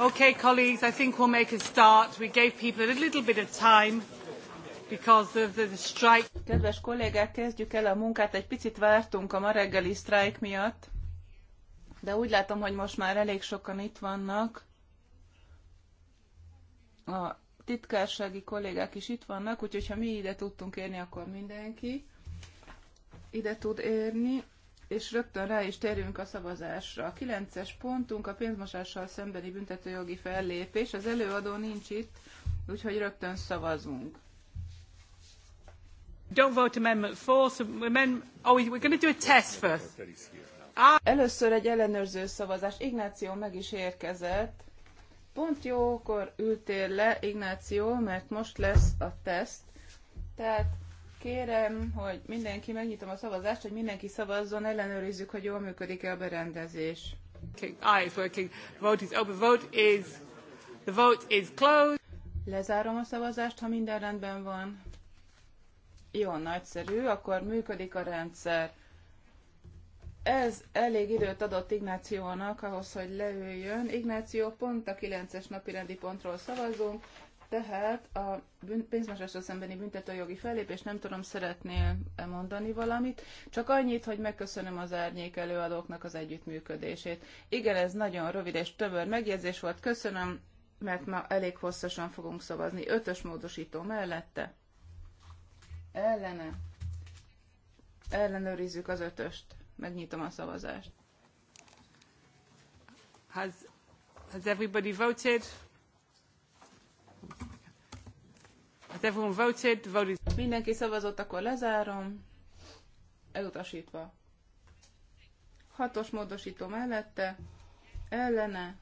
Okay, colleagues, I think we'll make a start. We gave people a little bit of time because of the strike. Kedves kollégák, kezdjük el a munkát. Egy picit vártunk a ma reggeli sztrájk miatt, de úgy látom, hogy most már elég sokan itt vannak. A titkársági kollégák is itt vannak, úgyhogy ha mi ide tudtunk érni, akkor mindenki ide tud érni és rögtön rá is térjünk a szavazásra. A kilences pontunk a pénzmosással szembeni büntetőjogi fellépés. Az előadó nincs itt, úgyhogy rögtön szavazunk. Don't vote amendment four. so amend... Oh, we're going to do a test first. Ah. Először egy ellenőrző szavazás. Ignáció meg is érkezett. Pont jókor ültél le, Ignáció, mert most lesz a teszt. Tehát Kérem, hogy mindenki, megnyitom a szavazást, hogy mindenki szavazzon, ellenőrizzük, hogy jól működik-e a berendezés. Okay, eyes ah, working. Vote is open. Vote is... The vote is closed. Lezárom a szavazást, ha minden rendben van. Jó, nagyszerű, akkor működik a rendszer. Ez elég időt adott Ignációnak ahhoz, hogy leüljön. Ignáció pont a 9-es napi rendi pontról szavazunk. Tehát a pénzmosásra szembeni büntetőjogi fellépés, nem tudom, szeretnél -e mondani valamit, csak annyit, hogy megköszönöm az árnyék előadóknak az együttműködését. Igen, ez nagyon rövid és tömör megjegyzés volt, köszönöm, mert ma elég hosszasan fogunk szavazni. Ötös módosító mellette. Ellene. Ellenőrizzük az ötöst. Megnyitom a szavazást. Has, has everybody voted? Hát everyone voted, Mindenki szavazott, akkor lezárom. Elutasítva. Hatos módosító mellette, ellene,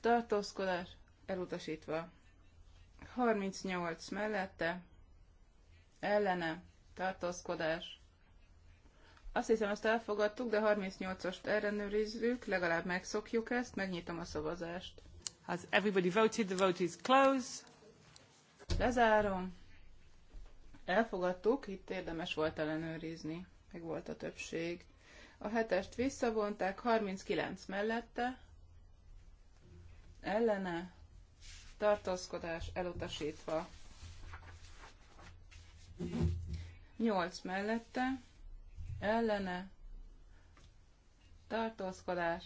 tartózkodás, elutasítva. 38 mellette, ellene, tartózkodás. Azt hiszem, ezt elfogadtuk, de 38-ost ellenőrizzük, legalább megszokjuk ezt, megnyitom a szavazást. Has everybody voted? The vote is closed. Lezárom. Elfogadtuk, itt érdemes volt ellenőrizni. Meg volt a többség. A hetest visszavonták, 39 mellette. Ellene. Tartózkodás elutasítva. 8 mellette. Ellene. Tartózkodás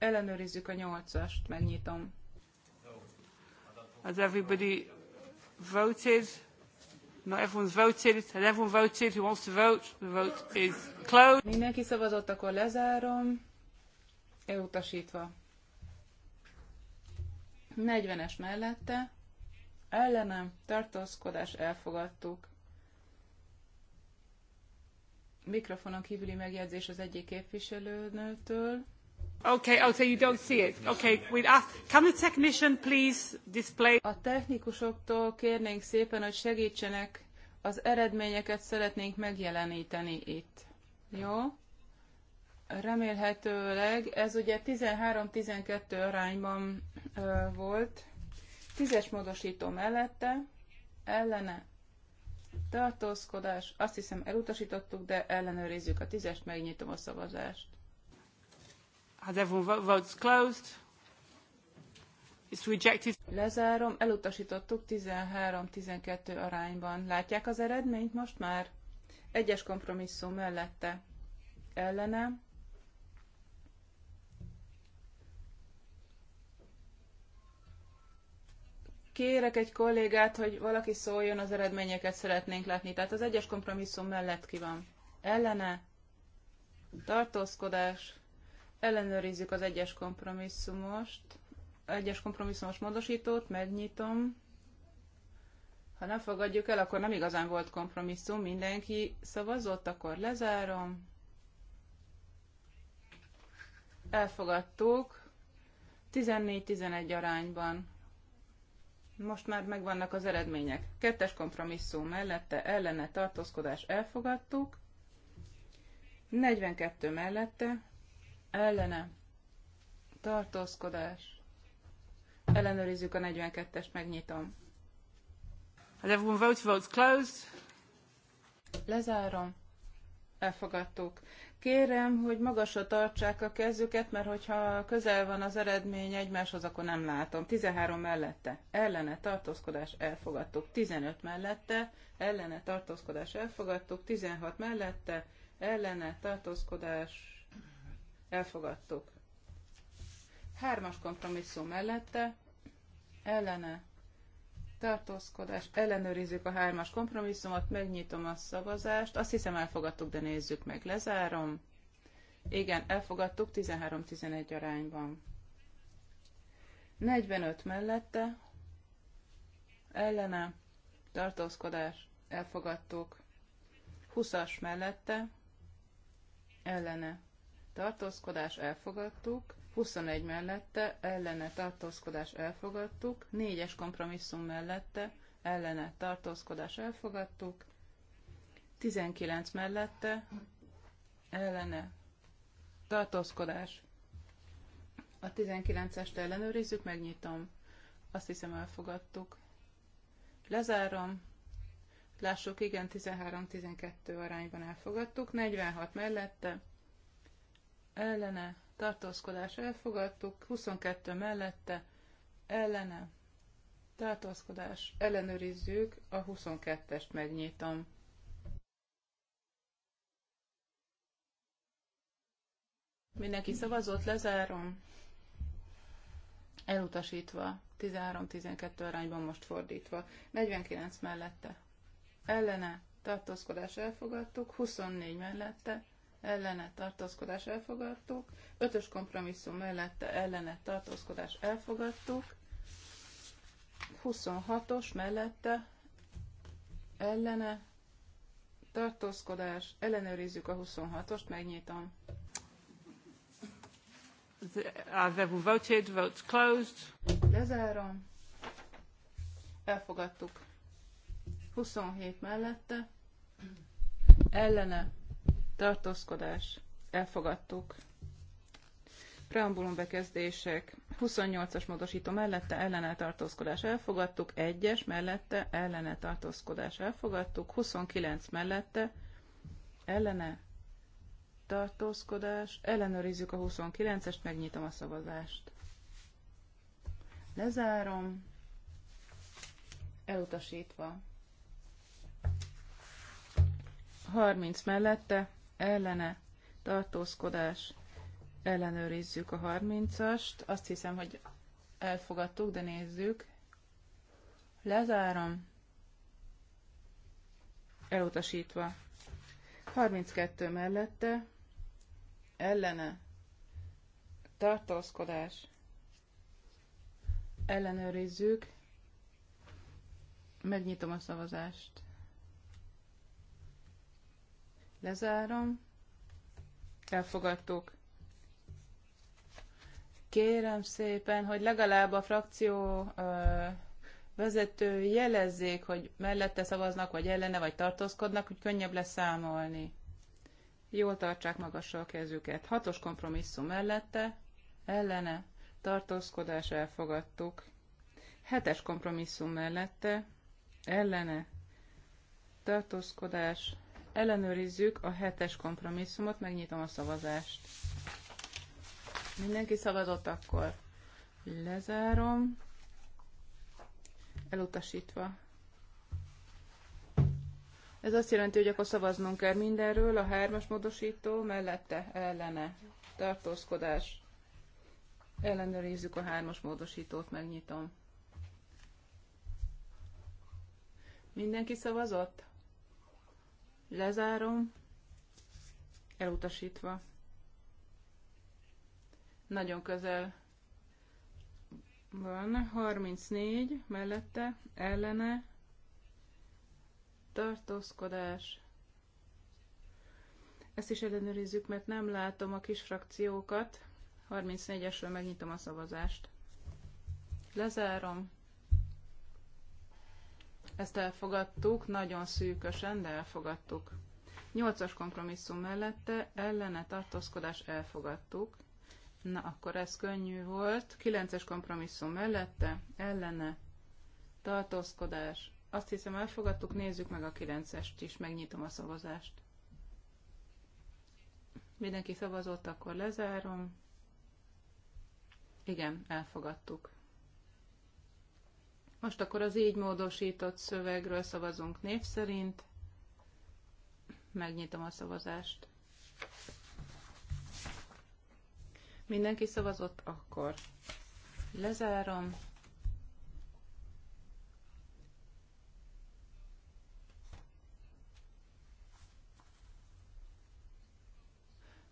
Ellenőrizzük a nyolcast, megnyitom. Has everybody voted? no everyone's voted. Has everyone voted who wants to vote? The vote is closed. Mindenki szavazott, akkor lezárom. Elutasítva. 40-es mellette. Ellenem tartózkodás elfogadtuk. Mikrofonon kívüli megjegyzés az egyik képviselőnőtől. A technikusoktól kérnénk szépen, hogy segítsenek, az eredményeket szeretnénk megjeleníteni itt. Jó? Remélhetőleg, ez ugye 13-12 arányban ö, volt, tízes módosító mellette, ellene, tartózkodás, azt hiszem elutasítottuk, de ellenőrizzük a tízest, megnyitom a szavazást. Has everyone votes closed? It's rejected. Lezárom, elutasítottuk 13-12 arányban. Látják az eredményt most már? Egyes kompromisszum mellette. Ellene. Kérek egy kollégát, hogy valaki szóljon, az eredményeket szeretnénk látni. Tehát az egyes kompromisszum mellett ki van. Ellene. Tartózkodás Ellenőrizzük az egyes kompromisszumost, egyes kompromisszumos módosítót, megnyitom. Ha nem fogadjuk el, akkor nem igazán volt kompromisszum, mindenki szavazott, akkor lezárom. Elfogadtuk 14-11 arányban. Most már megvannak az eredmények. Kettes kompromisszum mellette ellene tartózkodás elfogadtuk. 42 mellette ellene tartózkodás. Ellenőrizzük a 42-est, megnyitom. And everyone votes, votes closed. Lezárom. Elfogadtuk. Kérem, hogy magasra tartsák a kezüket, mert hogyha közel van az eredmény egymáshoz, akkor nem látom. 13 mellette, ellene tartózkodás elfogadtuk. 15 mellette, ellene tartózkodás elfogadtuk. 16 mellette, ellene tartózkodás elfogadtuk. Hármas kompromisszum mellette, ellene, tartózkodás, ellenőrizzük a hármas kompromisszumot, megnyitom a szavazást, azt hiszem elfogadtuk, de nézzük meg, lezárom. Igen, elfogadtuk 13-11 arányban. 45 mellette, ellene, tartózkodás, elfogadtuk. 20-as mellette, ellene, tartózkodás elfogadtuk, 21 mellette, ellene tartózkodás elfogadtuk, 4-es kompromisszum mellette, ellene tartózkodás elfogadtuk, 19 mellette, ellene tartózkodás. A 19-est ellenőrizzük, megnyitom. Azt hiszem elfogadtuk. Lezárom. Lássuk, igen, 13-12 arányban elfogadtuk, 46 mellette, ellene tartózkodás elfogadtuk, 22 mellette ellene tartózkodás ellenőrizzük, a 22-est megnyitom. Mindenki szavazott, lezárom. Elutasítva, 13-12 arányban most fordítva, 49 mellette ellene tartózkodás elfogadtuk, 24 mellette ellene tartózkodás elfogadtuk, ötös kompromisszum mellette ellene tartózkodás elfogadtuk, 26-os mellette ellene tartózkodás, ellenőrizzük a 26-ost, megnyitom. The, uh, voted? Votes closed. Lezárom. Elfogadtuk. 27 mellette. Ellene tartózkodás, elfogadtuk. Preambulum bekezdések, 28-as módosító mellette ellene tartózkodás elfogadtuk, 1-es mellette ellene tartózkodás elfogadtuk, 29 mellette ellene tartózkodás, ellenőrizzük a 29-est, megnyitom a szavazást. Lezárom, elutasítva. 30 mellette ellene tartózkodás ellenőrizzük a 30-ast. Azt hiszem, hogy elfogadtuk, de nézzük. Lezárom. Elutasítva. 32 mellette ellene tartózkodás ellenőrizzük. Megnyitom a szavazást. Lezárom. Elfogadtuk. Kérem szépen, hogy legalább a frakció ö, vezető jelezzék, hogy mellette szavaznak, vagy ellene, vagy tartózkodnak, hogy könnyebb lesz számolni. Jól tartsák magasra a kezüket. Hatos kompromisszum mellette, ellene, tartózkodás elfogadtuk. Hetes kompromisszum mellette, ellene, tartózkodás elfogadtuk Ellenőrizzük a hetes kompromisszumot, megnyitom a szavazást. Mindenki szavazott akkor. Lezárom. Elutasítva. Ez azt jelenti, hogy akkor szavaznunk kell mindenről, a hármas módosító mellette ellene. Tartózkodás. Ellenőrizzük a hármas módosítót, megnyitom. Mindenki szavazott? Lezárom. Elutasítva. Nagyon közel van. 34 mellette, ellene. Tartózkodás. Ezt is ellenőrizzük, mert nem látom a kis frakciókat. 34-esről megnyitom a szavazást. Lezárom ezt elfogadtuk, nagyon szűkösen, de elfogadtuk. Nyolcas kompromisszum mellette ellene tartózkodás elfogadtuk. Na, akkor ez könnyű volt. Kilences kompromisszum mellette ellene tartózkodás. Azt hiszem elfogadtuk, nézzük meg a kilencest is, megnyitom a szavazást. Mindenki szavazott, akkor lezárom. Igen, elfogadtuk. Most akkor az így módosított szövegről szavazunk név szerint. Megnyitom a szavazást. Mindenki szavazott akkor. Lezárom.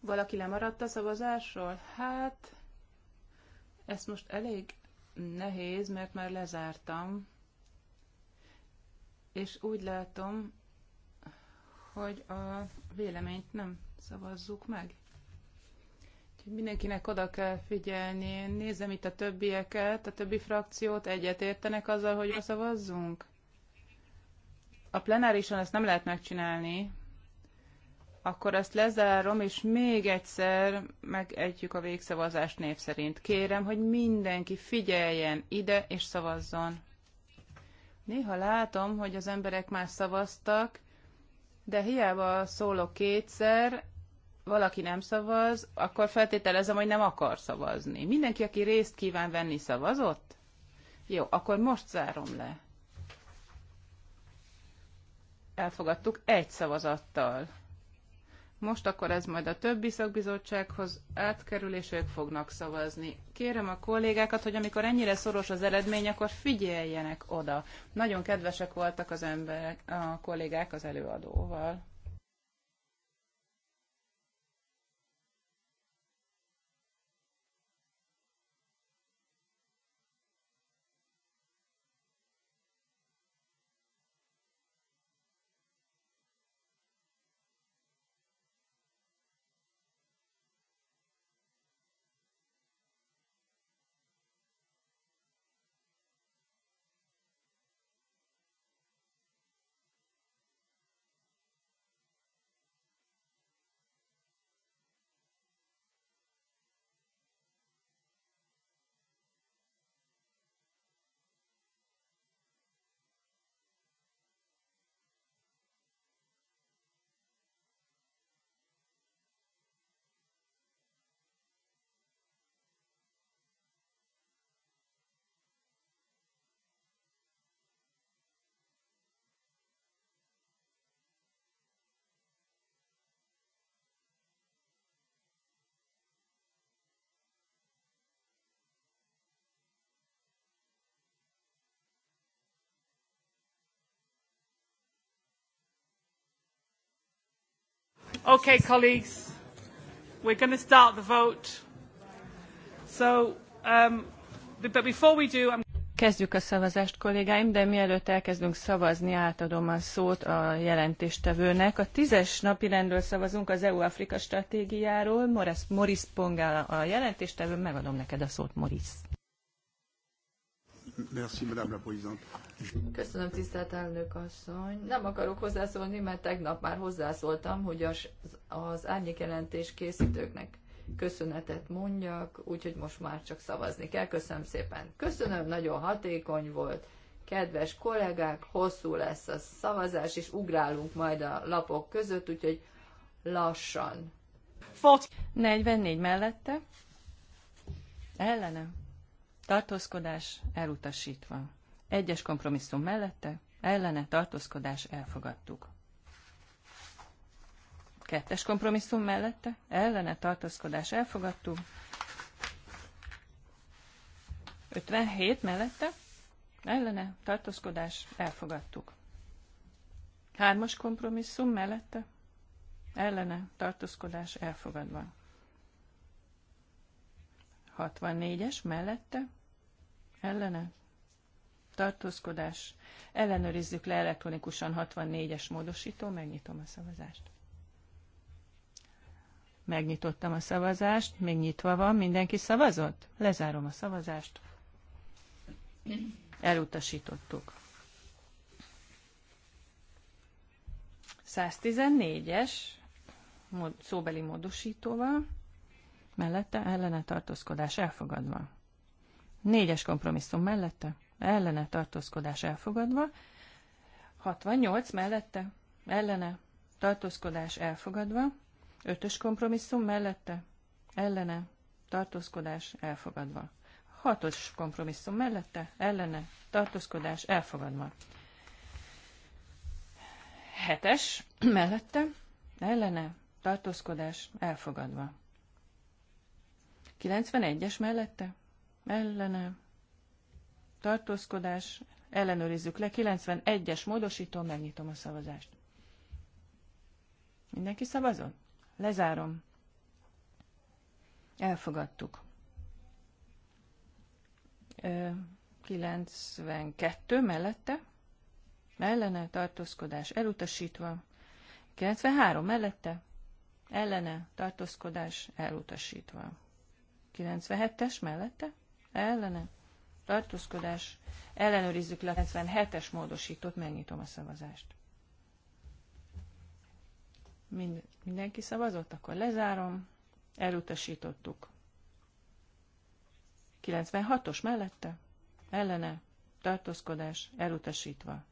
Valaki lemaradt a szavazásról? Hát, ezt most elég nehéz, mert már lezártam, és úgy látom, hogy a véleményt nem szavazzuk meg. Úgyhogy mindenkinek oda kell figyelni. Én nézem itt a többieket, a többi frakciót, egyetértenek azzal, hogy szavazzunk? A plenárison ezt nem lehet megcsinálni, akkor ezt lezárom, és még egyszer megejtjük a végszavazást név szerint. Kérem, hogy mindenki figyeljen ide és szavazzon. Néha látom, hogy az emberek már szavaztak, de hiába szólok kétszer, valaki nem szavaz, akkor feltételezem, hogy nem akar szavazni. Mindenki, aki részt kíván venni, szavazott? Jó, akkor most zárom le. Elfogadtuk egy szavazattal. Most akkor ez majd a többi szakbizottsághoz átkerül, és ők fognak szavazni. Kérem a kollégákat, hogy amikor ennyire szoros az eredmény, akkor figyeljenek oda. Nagyon kedvesek voltak az emberek, a kollégák az előadóval. Okay, colleagues, we're going to start the vote. So, um, but before we do, I'm Kezdjük a szavazást, kollégáim, de mielőtt elkezdünk szavazni, átadom a szót a jelentéstevőnek. A tízes napi rendről szavazunk az EU-Afrika stratégiáról. Morris, Pongál a jelentéstevő, megadom neked a szót, Morris. Merci, Madame la Présidente. Köszönöm, tisztelt elnök asszony. Nem akarok hozzászólni, mert tegnap már hozzászóltam, hogy az, az jelentés készítőknek köszönetet mondjak, úgyhogy most már csak szavazni kell. Köszönöm szépen. Köszönöm, nagyon hatékony volt. Kedves kollégák, hosszú lesz a szavazás, és ugrálunk majd a lapok között, úgyhogy lassan. 44 mellette. Ellene tartózkodás elutasítva. Egyes kompromisszum mellette, ellene tartózkodás elfogadtuk. Kettes kompromisszum mellette, ellene tartózkodás elfogadtuk. 57 mellette, ellene tartózkodás elfogadtuk. Hármas kompromisszum mellette, ellene tartózkodás elfogadva. 64-es mellette, ellene, tartózkodás, ellenőrizzük le elektronikusan 64-es módosító, megnyitom a szavazást. Megnyitottam a szavazást, még nyitva van, mindenki szavazott? Lezárom a szavazást. Elutasítottuk. 114-es szóbeli módosítóval, mellette ellene tartózkodás elfogadva. Négyes kompromisszum mellette, ellene tartózkodás elfogadva. 68 mellette, ellene tartózkodás elfogadva. Ötös kompromisszum mellette, ellene tartózkodás elfogadva. Hatos kompromisszum mellette, ellene tartózkodás elfogadva. Hetes mellette, ellene tartózkodás elfogadva. 91-es mellette, ellene, tartózkodás, ellenőrizzük le, 91-es módosító, megnyitom a szavazást. Mindenki szavazott? Lezárom. Elfogadtuk. 92 mellette, ellene tartózkodás elutasítva, 93 mellette, ellene tartózkodás elutasítva, 97-es mellette, ellene, tartózkodás, ellenőrizzük le 97 es módosítót, megnyitom a szavazást. Mind, mindenki szavazott, akkor lezárom, elutasítottuk. 96-os mellette, ellene, tartózkodás, elutasítva.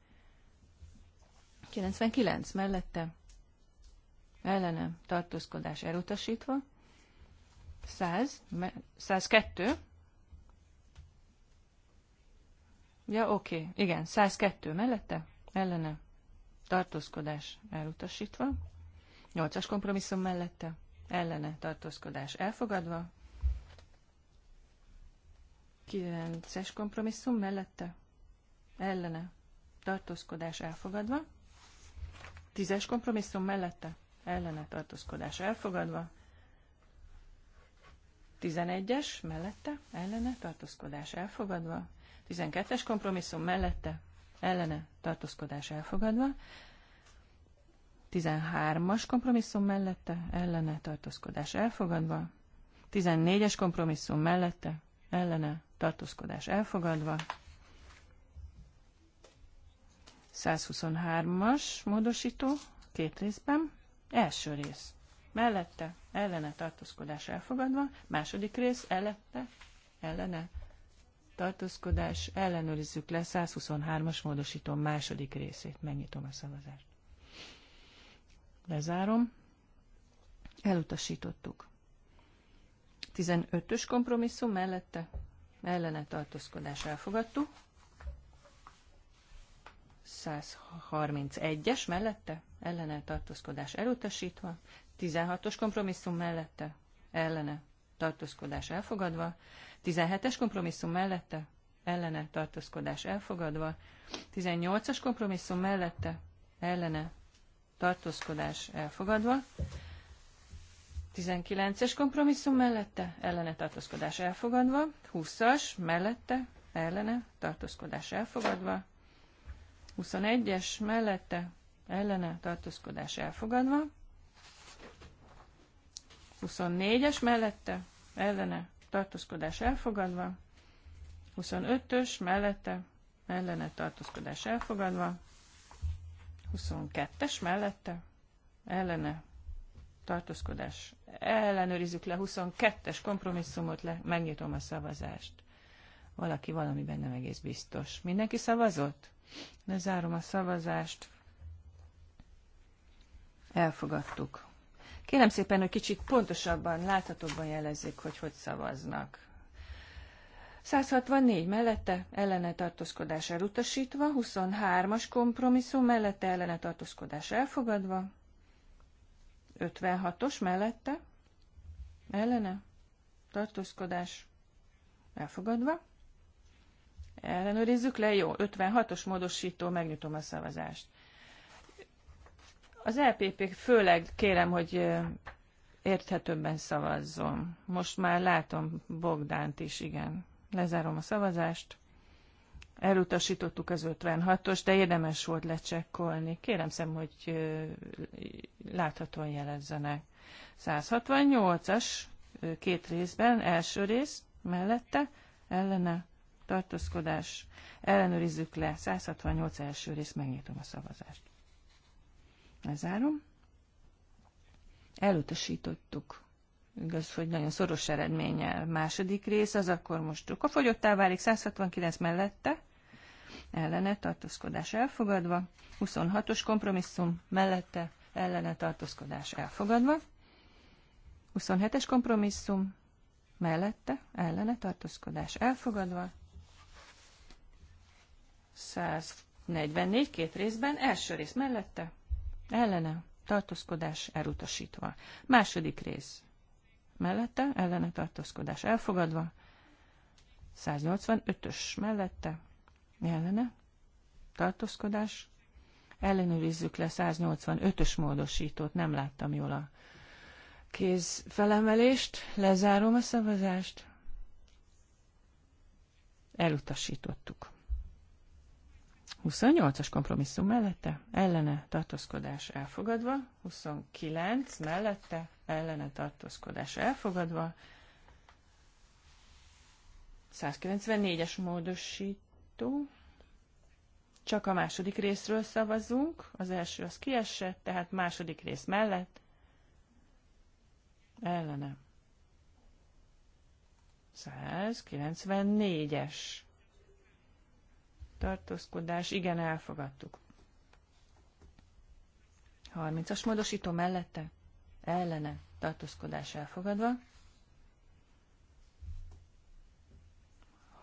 99 mellette, ellene, tartózkodás, elutasítva. 100, 102 Ja, oké. Okay. Igen, 102 mellette, ellene, tartózkodás elutasítva. 8-as kompromisszum mellette, ellene, tartózkodás elfogadva. 9-es kompromisszum mellette, ellene, tartózkodás elfogadva. 10-es kompromisszum mellette, ellene, tartózkodás elfogadva. 11-es mellette, ellene, tartózkodás elfogadva. 12-es kompromisszum mellette ellene tartózkodás elfogadva, 13-as kompromisszum mellette ellene tartózkodás elfogadva, 14-es kompromisszum mellette ellene tartózkodás elfogadva, 123-as módosító két részben, első rész mellette ellene tartózkodás elfogadva, második rész ellette ellene tartózkodás, ellenőrizzük le 123-as módosító második részét. Megnyitom a szavazást. Lezárom. Elutasítottuk. 15-ös kompromisszum mellette ellene tartózkodás elfogadtuk. 131-es mellette ellene tartózkodás elutasítva. 16-os kompromisszum mellette ellene tartózkodás elfogadva, 17-es kompromisszum mellette ellene tartózkodás elfogadva, 18-as kompromisszum mellette ellene tartózkodás elfogadva, 19-es kompromisszum mellette ellene tartózkodás elfogadva, 20-as mellette ellene tartózkodás elfogadva, 21-es mellette ellene tartózkodás elfogadva, 24-es mellette ellene tartózkodás elfogadva, 25-ös mellette ellene tartózkodás elfogadva, 22-es mellette ellene tartózkodás. Ellenőrizzük le 22-es kompromisszumot, le, megnyitom a szavazást. Valaki valamiben nem egész biztos. Mindenki szavazott? Lezárom a szavazást. Elfogadtuk. Kérem szépen, hogy kicsit pontosabban, láthatóbban jelezzék, hogy hogy szavaznak. 164 mellette ellene tartózkodás elutasítva, 23-as kompromisszum mellette ellene tartózkodás elfogadva, 56-os mellette ellene tartózkodás elfogadva. Ellenőrizzük le, jó, 56-os módosító, megnyitom a szavazást. Az LPP e főleg kérem, hogy érthetőbben szavazzon. Most már látom Bogdánt is, igen. Lezárom a szavazást. Elutasítottuk az 56-os, de érdemes volt lecsekkolni. Kérem szem, hogy láthatóan jelezzenek. 168-as két részben, első rész, mellette, ellene, tartózkodás, ellenőrizzük le, 168 első rész, megnyitom a szavazást. Lezárom. Elutasítottuk. Igaz, hogy nagyon szoros eredménnyel. Második rész az akkor most a fogyottá válik 169 mellette, ellene tartózkodás elfogadva, 26-os kompromisszum mellette, ellene tartózkodás elfogadva, 27-es kompromisszum mellette, ellene tartózkodás elfogadva, 144 két részben, első rész mellette, ellene, tartózkodás elutasítva. Második rész mellette, ellene tartózkodás elfogadva. 185-ös mellette, ellene, tartózkodás. Ellenőrizzük le 185-ös módosítót, nem láttam jól a kéz felemelést, lezárom a szavazást. Elutasítottuk. 28-as kompromisszum mellette, ellene tartózkodás elfogadva, 29 mellette, ellene tartózkodás elfogadva, 194-es módosító, csak a második részről szavazunk, az első az kiesett, tehát második rész mellett, ellene. 194-es tartózkodás, igen, elfogadtuk. 30-as módosító mellette, ellene, tartózkodás elfogadva.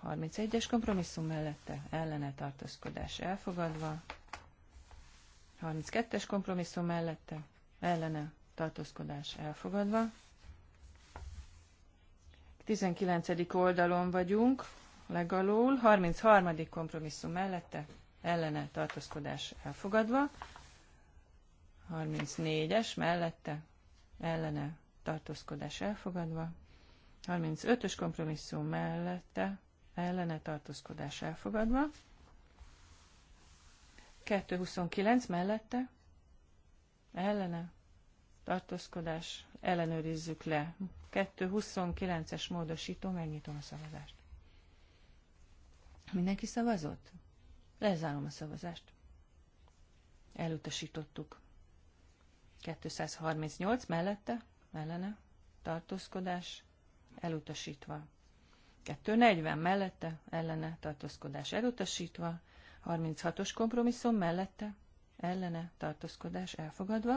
31-es kompromisszum mellette, ellene, tartózkodás elfogadva. 32-es kompromisszum mellette, ellene, tartózkodás elfogadva. 19. oldalon vagyunk, legalul, 33. kompromisszum mellette, ellene tartózkodás elfogadva, 34-es mellette, ellene tartózkodás elfogadva, 35-ös kompromisszum mellette, ellene tartózkodás elfogadva, 229 mellette, ellene tartózkodás, ellenőrizzük le. 229-es módosító, megnyitom a szavazást. Mindenki szavazott? Lezárom a szavazást. Elutasítottuk. 238 mellette, ellene, tartózkodás, elutasítva. 240 mellette, ellene, tartózkodás, elutasítva. 36-os kompromisszum mellette, ellene, tartózkodás, elfogadva.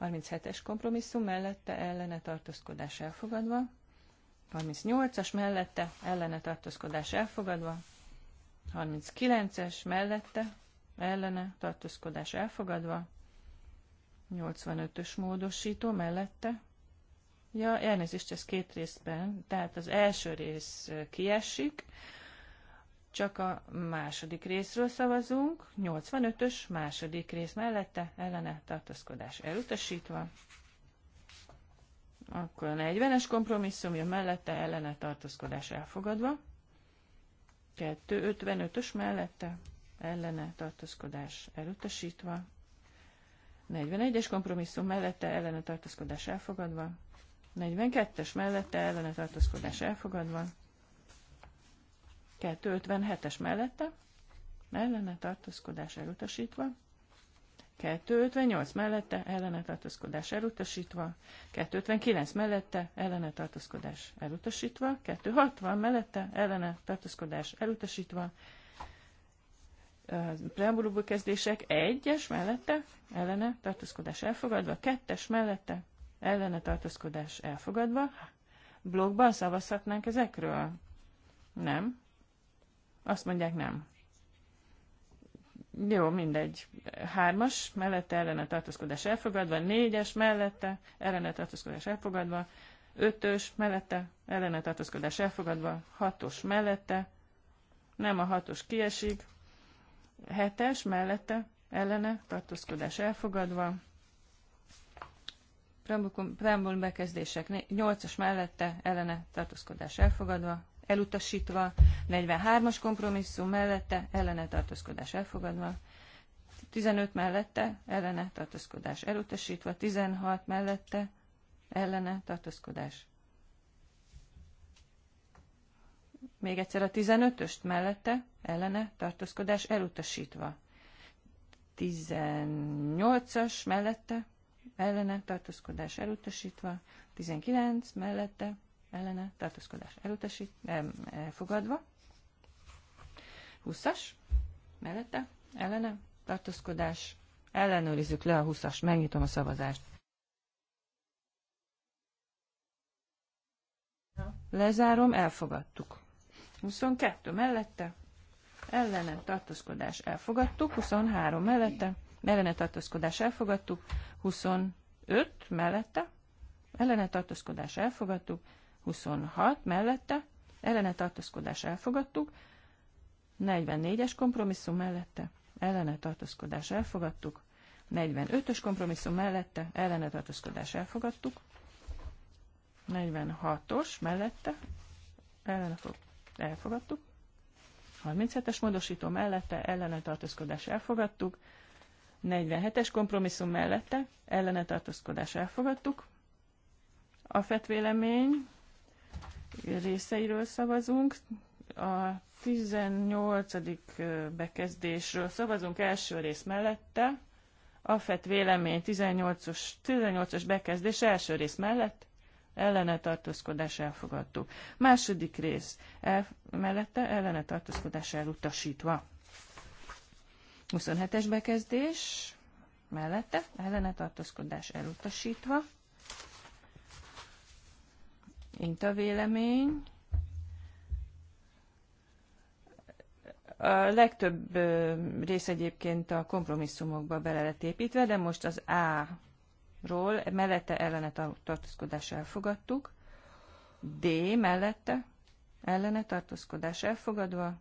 37-es kompromisszum mellette, ellene, tartózkodás, elfogadva. 38-as mellette, ellene tartózkodás elfogadva. 39-es mellette, ellene tartózkodás elfogadva. 85-ös módosító mellette. Ja, elnézést, ez két részben, tehát az első rész kiesik, csak a második részről szavazunk, 85-ös második rész mellette, ellene tartózkodás elutasítva. Akkor a 40-es jön mellette ellene tartózkodás elfogadva. 255-ös mellette ellene tartózkodás elutasítva. 41-es kompromisszum mellette ellene tartózkodás elfogadva. 42-es mellette ellene tartózkodás elfogadva. 257-es mellette ellene tartózkodás elutasítva. 258 mellette ellene tartózkodás elutasítva, 259 mellette ellene tartózkodás elutasítva, 260 mellette ellene tartózkodás elutasítva, preambulumból kezdések 1-es mellette ellene tartózkodás elfogadva, 2-es mellette ellene tartózkodás elfogadva. Blogban szavazhatnánk ezekről? Nem. Azt mondják nem. Jó, mindegy. Hármas mellette ellene tartózkodás elfogadva, négyes mellette ellene tartózkodás elfogadva, ötös mellette ellene tartózkodás elfogadva, hatos mellette, nem a hatos kiesik, hetes mellette ellene tartózkodás elfogadva, preambul bekezdések nyolcas mellette ellene tartózkodás elfogadva, elutasítva, 43-as kompromisszum mellette ellene tartózkodás elfogadva, 15 mellette ellene tartózkodás elutasítva, 16 mellette ellene tartózkodás. Még egyszer a 15-öst mellette ellene tartózkodás elutasítva. 18-as mellette ellene tartózkodás elutasítva, 19 mellette ellene tartózkodás elutasít, elfogadva, 20-as mellette, ellene, tartózkodás, ellenőrizzük le a 20-as, megnyitom a szavazást. Lezárom, elfogadtuk. 22 mellette, ellene tartózkodás elfogadtuk, 23 mellette, ellene tartózkodás elfogadtuk, 25 mellette, ellene tartózkodás elfogadtuk, 26 mellette, ellene tartózkodás elfogadtuk, 44-es kompromisszum mellette ellene tartózkodás elfogadtuk. 45-ös kompromisszum mellette ellene tartózkodás elfogadtuk. 46-os mellette ellene elfogadtuk. 37-es módosító mellette ellene tartózkodás elfogadtuk. 47-es kompromisszum mellette ellene tartózkodás elfogadtuk. A fetvélemény részeiről szavazunk. A 18. bekezdésről szavazunk első rész mellette. Afet vélemény 18-os, 18 bekezdés első rész mellett ellene tartózkodás elfogadtuk. Második rész el, mellette ellene tartózkodás elutasítva. 27-es bekezdés mellette ellene tartózkodás elutasítva. a vélemény A legtöbb rész egyébként a kompromisszumokba bele lett építve, de most az A-ról mellette ellene tartózkodás elfogadtuk, D mellette ellene tartózkodás elfogadva,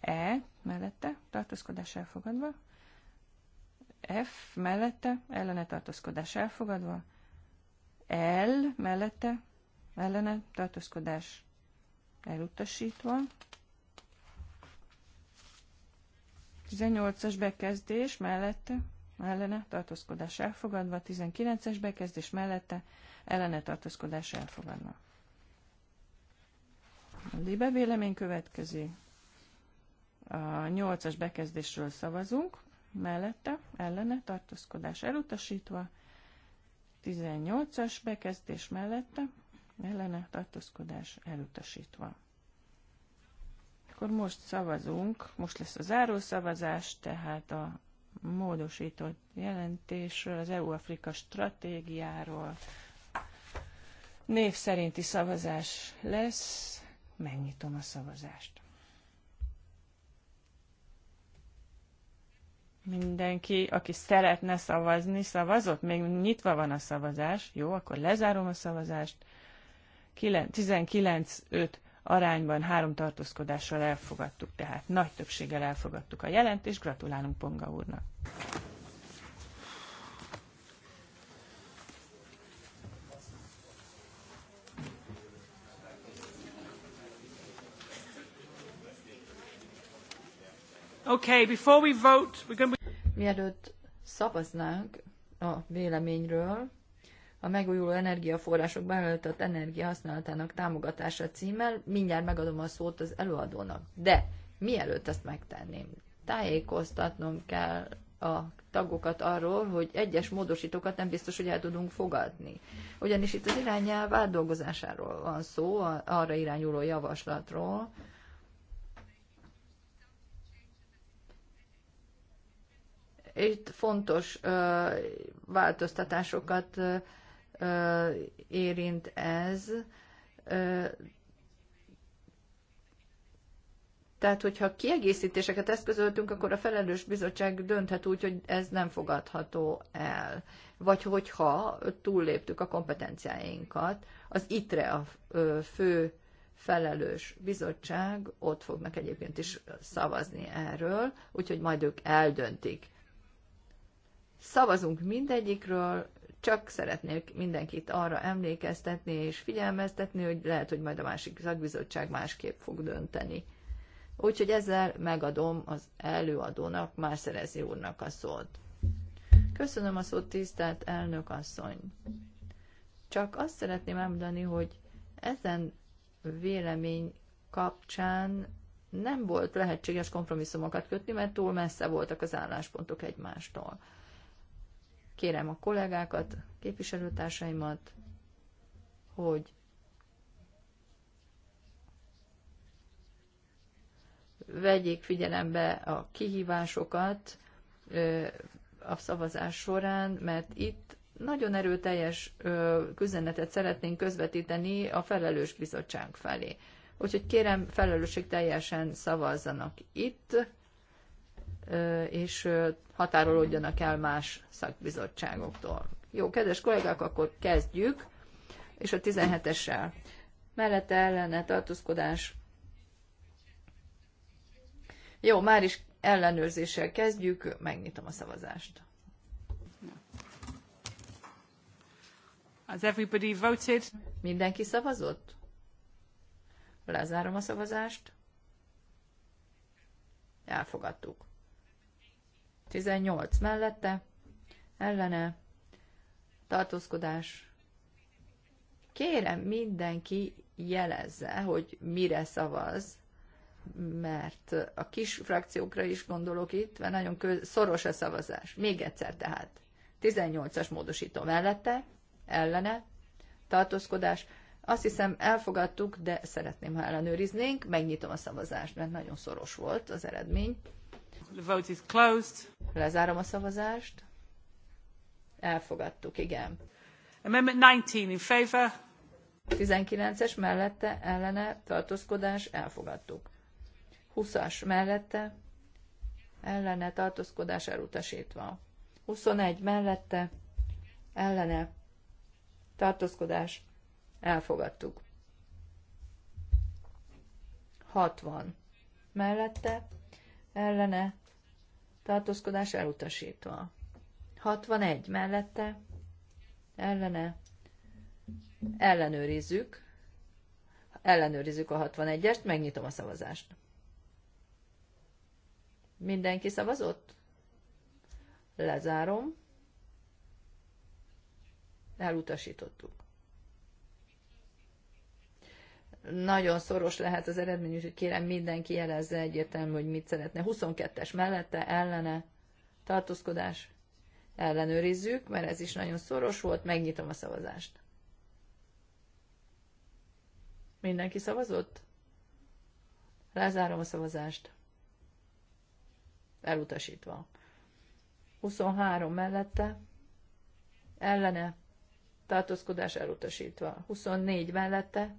E mellette tartózkodás elfogadva, F mellette ellene tartózkodás elfogadva, L mellette ellene tartózkodás elutasítva, 18-as bekezdés mellette, ellene tartózkodás elfogadva, 19-es bekezdés mellette, ellene tartózkodás elfogadva. A libe vélemény következő: A 8-as bekezdésről szavazunk, mellette, ellene tartózkodás elutasítva, 18-as bekezdés mellette, ellene tartózkodás elutasítva. Akkor most szavazunk, most lesz a zárószavazás, tehát a módosított jelentésről, az EU-Afrika stratégiáról. Név szerinti szavazás lesz, megnyitom a szavazást. Mindenki, aki szeretne szavazni, szavazott? Még nyitva van a szavazás. Jó, akkor lezárom a szavazást. 19.5 arányban három tartózkodással elfogadtuk, tehát nagy többséggel elfogadtuk a jelentést, gratulálunk Ponga úrnak. Okay, before we vote, we're going to... Mielőtt szavaznánk a véleményről, a megújuló energiaforrások beállított energiahasználatának támogatása címmel. Mindjárt megadom a szót az előadónak. De mielőtt ezt megtenném, tájékoztatnom kell a tagokat arról, hogy egyes módosítókat nem biztos, hogy el tudunk fogadni. Ugyanis itt az irányelv átdolgozásáról van szó, arra irányuló javaslatról, itt fontos uh, változtatásokat uh, érint ez. Tehát, hogyha kiegészítéseket eszközöltünk, akkor a felelős bizottság dönthet úgy, hogy ez nem fogadható el. Vagy hogyha túlléptük a kompetenciáinkat, az ITRE a fő felelős bizottság, ott fognak egyébként is szavazni erről, úgyhogy majd ők eldöntik. Szavazunk mindegyikről, csak szeretnék mindenkit arra emlékeztetni és figyelmeztetni, hogy lehet, hogy majd a másik szakbizottság másképp fog dönteni. Úgyhogy ezzel megadom az előadónak, már szerezi úrnak a szót. Köszönöm a szót, tisztelt elnök asszony. Csak azt szeretném elmondani, hogy ezen vélemény kapcsán nem volt lehetséges kompromisszumokat kötni, mert túl messze voltak az álláspontok egymástól. Kérem a kollégákat, képviselőtársaimat, hogy vegyék figyelembe a kihívásokat a szavazás során, mert itt nagyon erőteljes küzdenetet szeretnénk közvetíteni a felelős bizottság felé. Úgyhogy kérem, felelősség teljesen szavazzanak itt, és határolódjanak el más szakbizottságoktól. Jó, kedves kollégák, akkor kezdjük, és a 17-essel. Mellette ellene tartózkodás. Jó, már is ellenőrzéssel kezdjük, megnyitom a szavazást. Has everybody voted? Mindenki szavazott? Lezárom a szavazást. Elfogadtuk. 18 mellette, ellene, tartózkodás. Kérem, mindenki jelezze, hogy mire szavaz, mert a kis frakciókra is gondolok itt, mert nagyon köz, szoros a szavazás. Még egyszer tehát. 18-as módosító mellette, ellene, tartózkodás. Azt hiszem elfogadtuk, de szeretném, ha ellenőriznénk. Megnyitom a szavazást, mert nagyon szoros volt az eredmény. The vote is closed. Lezárom a szavazást. Elfogadtuk, igen. Amendment 19 in favor. 19-es mellette ellene tartózkodás elfogadtuk. 20-as mellette ellene tartózkodás elutasítva. 21 mellette ellene tartózkodás elfogadtuk. 60 mellette ellene tartózkodás elutasítva. 61 mellette, ellene, ellenőrizzük, ellenőrizzük a 61-est, megnyitom a szavazást. Mindenki szavazott? Lezárom. Elutasítottuk nagyon szoros lehet az eredmény, úgyhogy kérem mindenki jelezze egyértelmű, hogy mit szeretne. 22-es mellette, ellene, tartózkodás, ellenőrizzük, mert ez is nagyon szoros volt, megnyitom a szavazást. Mindenki szavazott? Lezárom a szavazást. Elutasítva. 23 mellette, ellene, tartózkodás elutasítva. 24 mellette,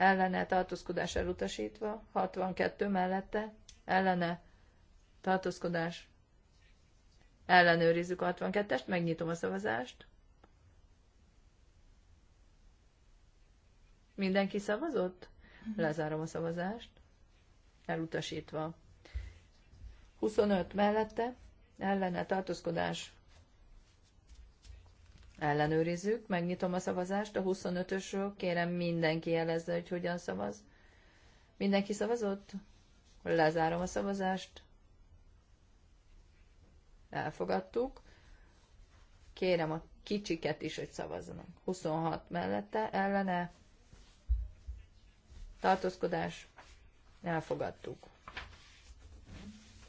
ellene tartózkodás elutasítva, 62 mellette ellene tartózkodás ellenőrizzük a 62-est, megnyitom a szavazást. Mindenki szavazott? Mhm. Lezárom a szavazást. Elutasítva. 25 mellette ellene tartózkodás Ellenőrizzük, megnyitom a szavazást a 25-ösről, kérem mindenki jelezze, hogy hogyan szavaz. Mindenki szavazott? Lezárom a szavazást. Elfogadtuk. Kérem a kicsiket is, hogy szavazzanak. 26 mellette, ellene. Tartózkodás. Elfogadtuk.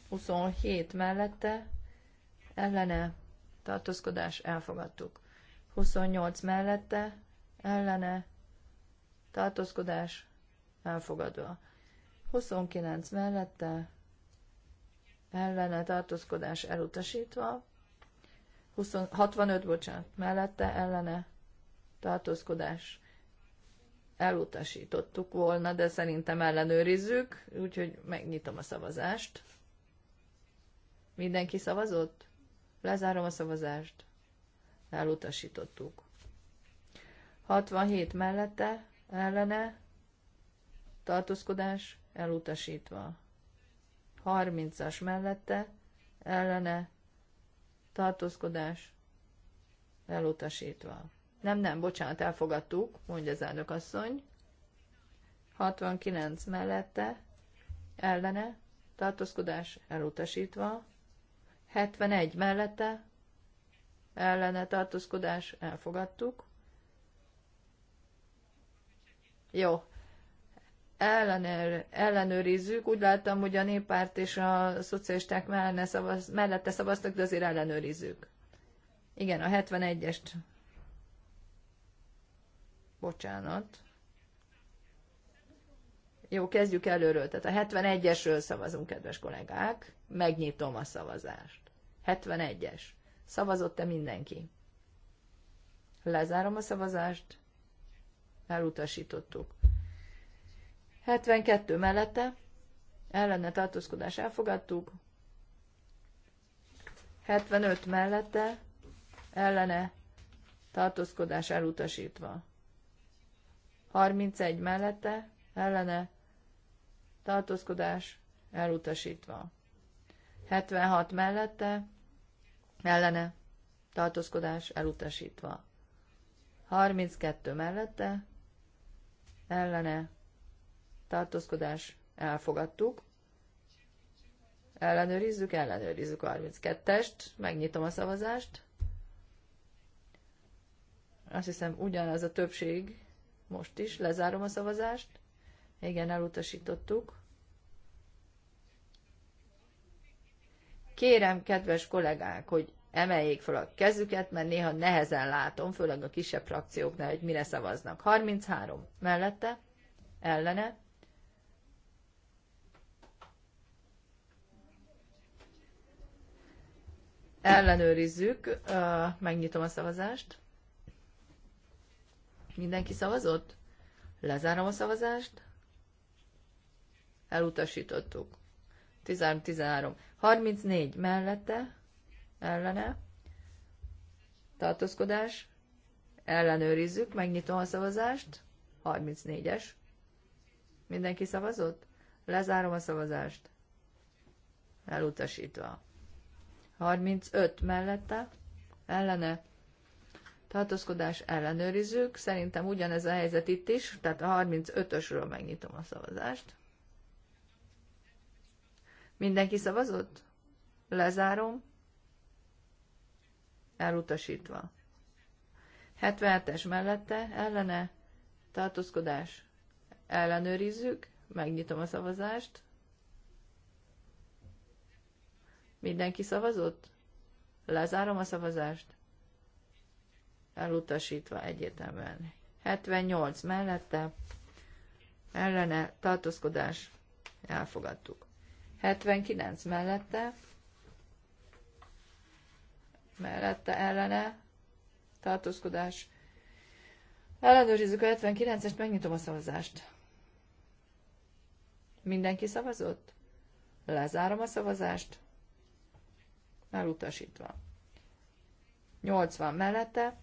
27 mellette, ellene. Tartózkodás. Elfogadtuk. 28 mellette, ellene, tartózkodás, elfogadva. 29 mellette, ellene, tartózkodás, elutasítva. 20, 65, bocsánat, mellette, ellene, tartózkodás, elutasítottuk volna, de szerintem ellenőrizzük, úgyhogy megnyitom a szavazást. Mindenki szavazott? Lezárom a szavazást elutasítottuk. 67 mellette, ellene, tartózkodás, elutasítva. 30-as mellette, ellene, tartózkodás, elutasítva. Nem, nem, bocsánat, elfogadtuk, mondja az asszony. 69 mellette, ellene, tartózkodás, elutasítva. 71 mellette, ellene tartózkodás elfogadtuk. Jó. Ellenőr, ellenőrizzük. Úgy láttam, hogy a néppárt és a szocialisták mellene szavaz, mellette szavaztak, de azért ellenőrizzük. Igen, a 71-est. Bocsánat. Jó, kezdjük előről. Tehát a 71-esről szavazunk, kedves kollégák. Megnyitom a szavazást. 71-es. Szavazott-e mindenki? Lezárom a szavazást. Elutasítottuk. 72 mellette. Ellene tartózkodás elfogadtuk. 75 mellette. Ellene tartózkodás elutasítva. 31 mellette. Ellene tartózkodás elutasítva. 76 mellette ellene, tartózkodás elutasítva. 32 mellette, ellene, tartózkodás elfogadtuk. Ellenőrizzük, ellenőrizzük 32-est, megnyitom a szavazást. Azt hiszem ugyanaz a többség most is, lezárom a szavazást. Igen, elutasítottuk. Kérem, kedves kollégák, hogy emeljék fel a kezüket, mert néha nehezen látom, főleg a kisebb frakcióknál, hogy mire szavaznak. 33 mellette, ellene. Ellenőrizzük, megnyitom a szavazást. Mindenki szavazott? Lezárom a szavazást. Elutasítottuk. 13-13. 34 mellette, ellene, tartózkodás, ellenőrizzük, megnyitom a szavazást, 34-es. Mindenki szavazott? Lezárom a szavazást. Elutasítva. 35 mellette, ellene, tartózkodás ellenőrizzük. Szerintem ugyanez a helyzet itt is, tehát a 35-ösről megnyitom a szavazást. Mindenki szavazott? Lezárom. Elutasítva. 77-es mellette, ellene, tartózkodás. Ellenőrizzük, megnyitom a szavazást. Mindenki szavazott? Lezárom a szavazást. Elutasítva egyértelműen. 78 mellette, ellene, tartózkodás. Elfogadtuk. 79 mellette, mellette ellene tartózkodás. Ellenőrizzük a 79-est, megnyitom a szavazást. Mindenki szavazott? Lezárom a szavazást. Elutasítva. 80 mellette,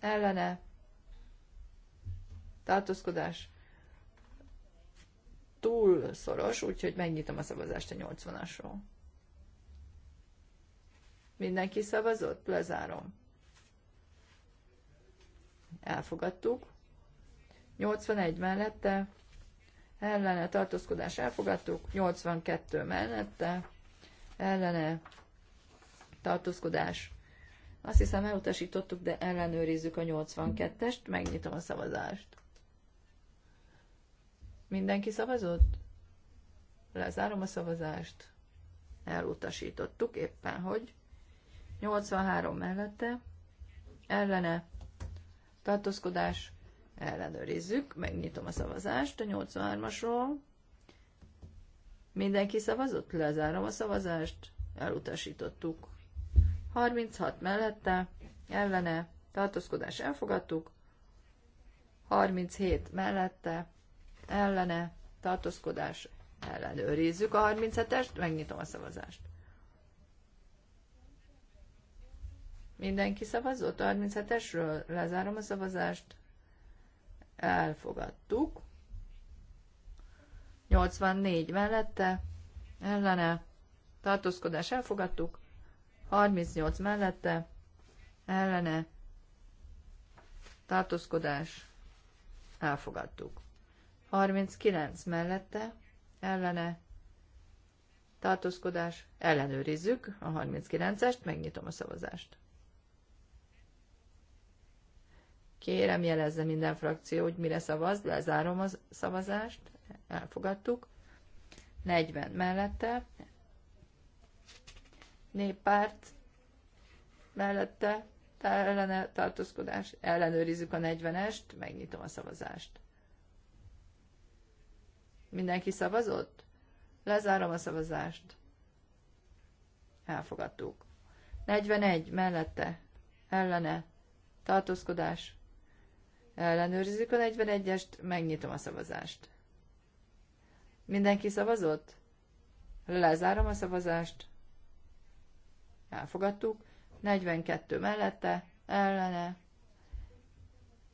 ellene, tartózkodás, túl szoros, úgyhogy megnyitom a szavazást a 80-asról. Mindenki szavazott? Lezárom. Elfogadtuk. 81 mellette, ellene tartózkodás elfogadtuk, 82 mellette, ellene tartózkodás. Azt hiszem elutasítottuk, de ellenőrizzük a 82-est, megnyitom a szavazást. Mindenki szavazott? Lezárom a szavazást. Elutasítottuk éppen, hogy 83 mellette, ellene, tartózkodás, ellenőrizzük, megnyitom a szavazást a 83-asról. Mindenki szavazott? Lezárom a szavazást. Elutasítottuk. 36 mellette, ellene, tartózkodás elfogadtuk. 37 mellette, ellene, tartózkodás, ellenőrizzük a 37-est, megnyitom a szavazást. Mindenki szavazott a 37-esről, lezárom a szavazást, elfogadtuk. 84 mellette, ellene, tartózkodás elfogadtuk, 38 mellette, ellene, tartózkodás elfogadtuk. 39 mellette, ellene, tartózkodás, ellenőrizzük a 39-est, megnyitom a szavazást. Kérem jelezze minden frakció, hogy mire szavaz, lezárom a szavazást, elfogadtuk. 40 mellette, néppárt mellette, ellene tartózkodás, ellenőrizzük a 40-est, megnyitom a szavazást. Mindenki szavazott? Lezárom a szavazást. Elfogadtuk. 41 mellette, ellene, tartózkodás. Ellenőrizzük a 41-est, megnyitom a szavazást. Mindenki szavazott? Lezárom a szavazást. Elfogadtuk. 42 mellette, ellene.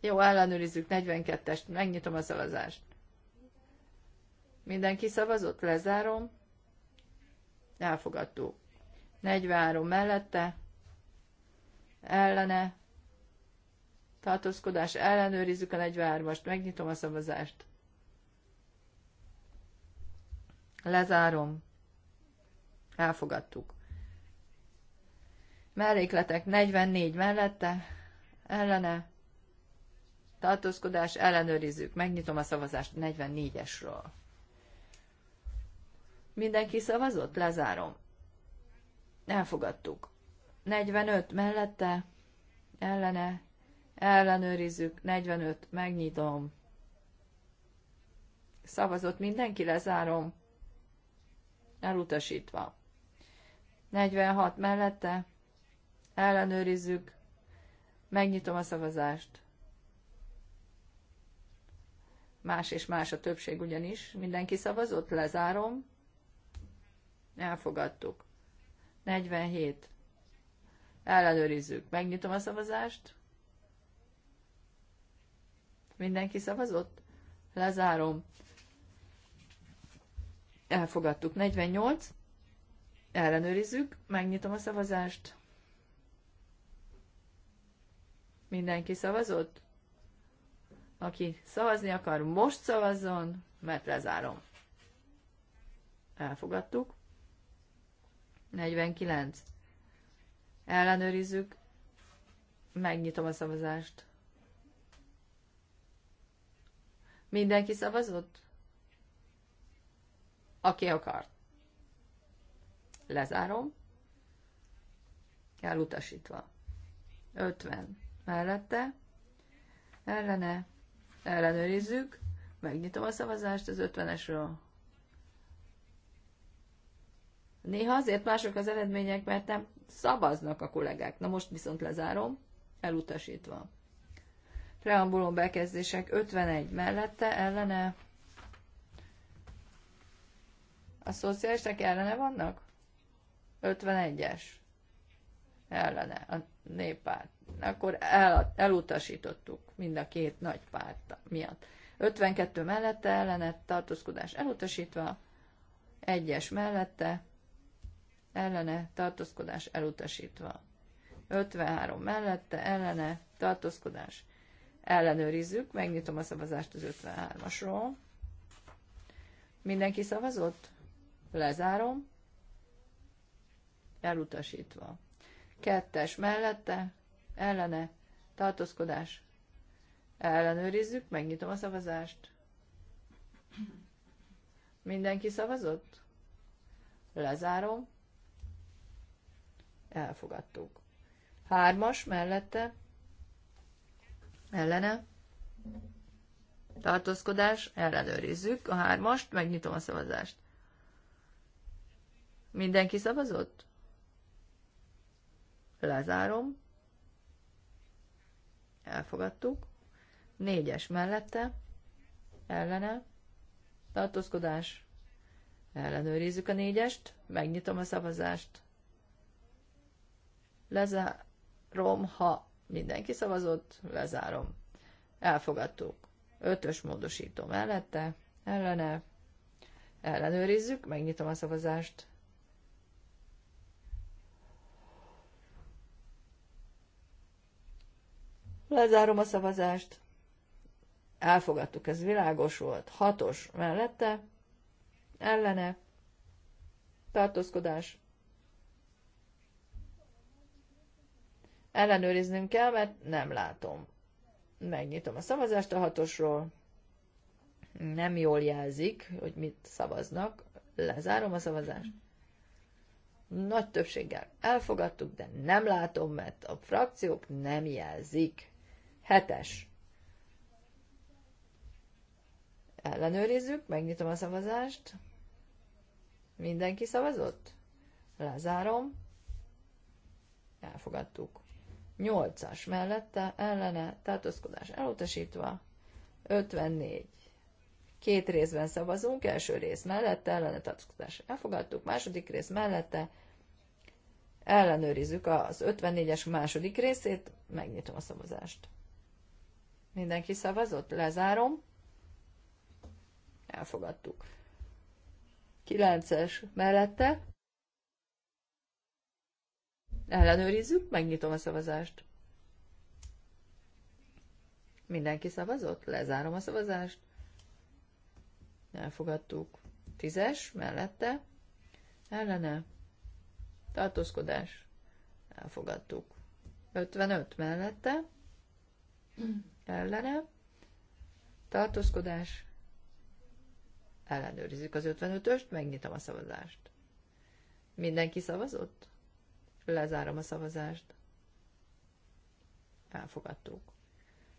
Jó, ellenőrizzük 42-est, megnyitom a szavazást. Mindenki szavazott? Lezárom. Elfogadtuk. 43 mellette, ellene, tartózkodás, ellenőrizzük a 43-ast, megnyitom a szavazást. Lezárom. Elfogadtuk. Mellékletek 44 mellette, ellene, tartózkodás, ellenőrizzük. Megnyitom a szavazást 44-esről. Mindenki szavazott? Lezárom. Elfogadtuk. 45 mellette, ellene, ellenőrizzük, 45, megnyitom. Szavazott mindenki, lezárom. Elutasítva. 46 mellette, ellenőrizzük, megnyitom a szavazást. Más és más a többség ugyanis. Mindenki szavazott, lezárom. Elfogadtuk. 47. Ellenőrizzük. Megnyitom a szavazást. Mindenki szavazott? Lezárom. Elfogadtuk. 48. Ellenőrizzük. Megnyitom a szavazást. Mindenki szavazott? Aki szavazni akar, most szavazzon, mert lezárom. Elfogadtuk. 49. Ellenőrizzük. Megnyitom a szavazást. Mindenki szavazott? Aki akart. Lezárom. Elutasítva. 50. Mellette. Ellene. Ellenőrizzük. Megnyitom a szavazást az 50-esről. Néha azért mások az eredmények, mert nem szavaznak a kollégák. Na most viszont lezárom, elutasítva. Preambulum bekezdések 51 mellette, ellene. A szociálisták ellene vannak? 51-es. Ellene. A néppárt. Akkor el, elutasítottuk mind a két nagy párt miatt. 52 mellette ellene, tartózkodás elutasítva, 1-es mellette, ellene tartózkodás elutasítva. 53 mellette ellene tartózkodás. Ellenőrizzük, megnyitom a szavazást az 53-asról. Mindenki szavazott? Lezárom. Elutasítva. Kettes mellette ellene tartózkodás. Ellenőrizzük, megnyitom a szavazást. Mindenki szavazott? Lezárom elfogadtuk. Hármas mellette, ellene, tartózkodás, ellenőrizzük a hármast, megnyitom a szavazást. Mindenki szavazott? Lezárom. Elfogadtuk. Négyes mellette, ellene, tartózkodás, ellenőrizzük a négyest, megnyitom a szavazást. Lezárom, ha mindenki szavazott, lezárom. Elfogadtuk. Ötös módosító mellette, ellene. Ellenőrizzük, megnyitom a szavazást. Lezárom a szavazást. Elfogadtuk, ez világos volt. Hatos mellette, ellene, tartózkodás, Ellenőriznünk kell, mert nem látom. Megnyitom a szavazást a hatosról. Nem jól jelzik, hogy mit szavaznak. Lezárom a szavazást. Nagy többséggel elfogadtuk, de nem látom, mert a frakciók nem jelzik. Hetes. Ellenőrizzük, megnyitom a szavazást. Mindenki szavazott? Lezárom. Elfogadtuk. 8-as mellette ellene tartózkodás elutasítva, 54. Két részben szavazunk, első rész mellette ellene tartózkodás elfogadtuk, második rész mellette ellenőrizzük az 54-es második részét, megnyitom a szavazást. Mindenki szavazott? Lezárom. Elfogadtuk. 9-es mellette Ellenőrizzük, megnyitom a szavazást. Mindenki szavazott? Lezárom a szavazást. Elfogadtuk. Tízes, mellette. Ellene. Tartózkodás. Elfogadtuk. 55 mellette. Ellene. Tartózkodás. Ellenőrizzük az 55-öst, megnyitom a szavazást. Mindenki szavazott? Lezárom a szavazást. Elfogadtuk.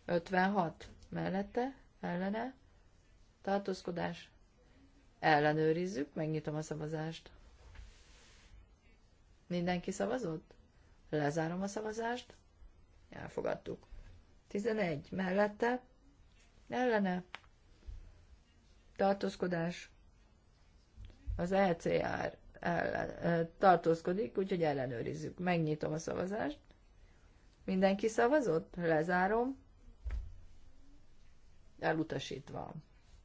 56 mellette, ellene, tartózkodás, ellenőrizzük, megnyitom a szavazást. Mindenki szavazott? Lezárom a szavazást. Elfogadtuk. 11 mellette, ellene, tartózkodás, az ECR el, tartózkodik, úgyhogy ellenőrizzük. Megnyitom a szavazást. Mindenki szavazott? Lezárom. Elutasítva.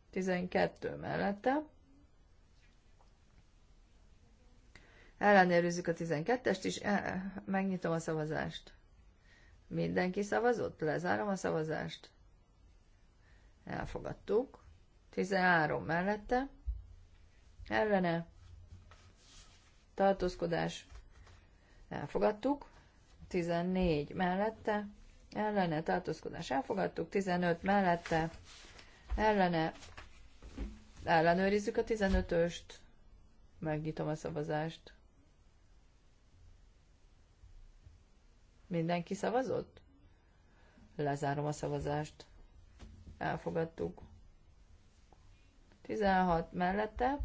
12 mellette. Ellenőrizzük a 12-est is, e, e, megnyitom a szavazást. Mindenki szavazott? Lezárom a szavazást. Elfogadtuk. 13 mellette. Ellene tartózkodás elfogadtuk, 14 mellette, ellene tartózkodás elfogadtuk, 15 mellette, ellene ellenőrizzük a 15-öst, megnyitom a szavazást. Mindenki szavazott? Lezárom a szavazást. Elfogadtuk. 16 mellette,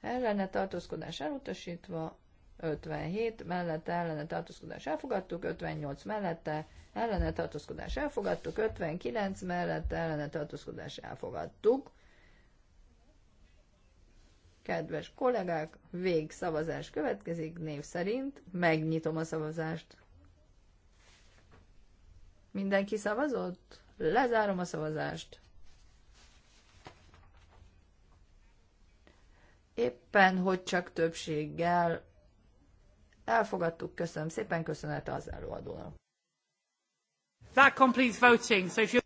ellene tartózkodás elutasítva, 57 mellette ellene tartózkodás elfogadtuk, 58 mellette ellene tartózkodás elfogadtuk, 59 mellette ellene tartózkodás elfogadtuk. Kedves kollégák, végszavazás következik név szerint. Megnyitom a szavazást. Mindenki szavazott? Lezárom a szavazást. éppen hogy csak többséggel elfogadtuk. Köszönöm szépen, köszönet az előadónak. That completes voting. So if you...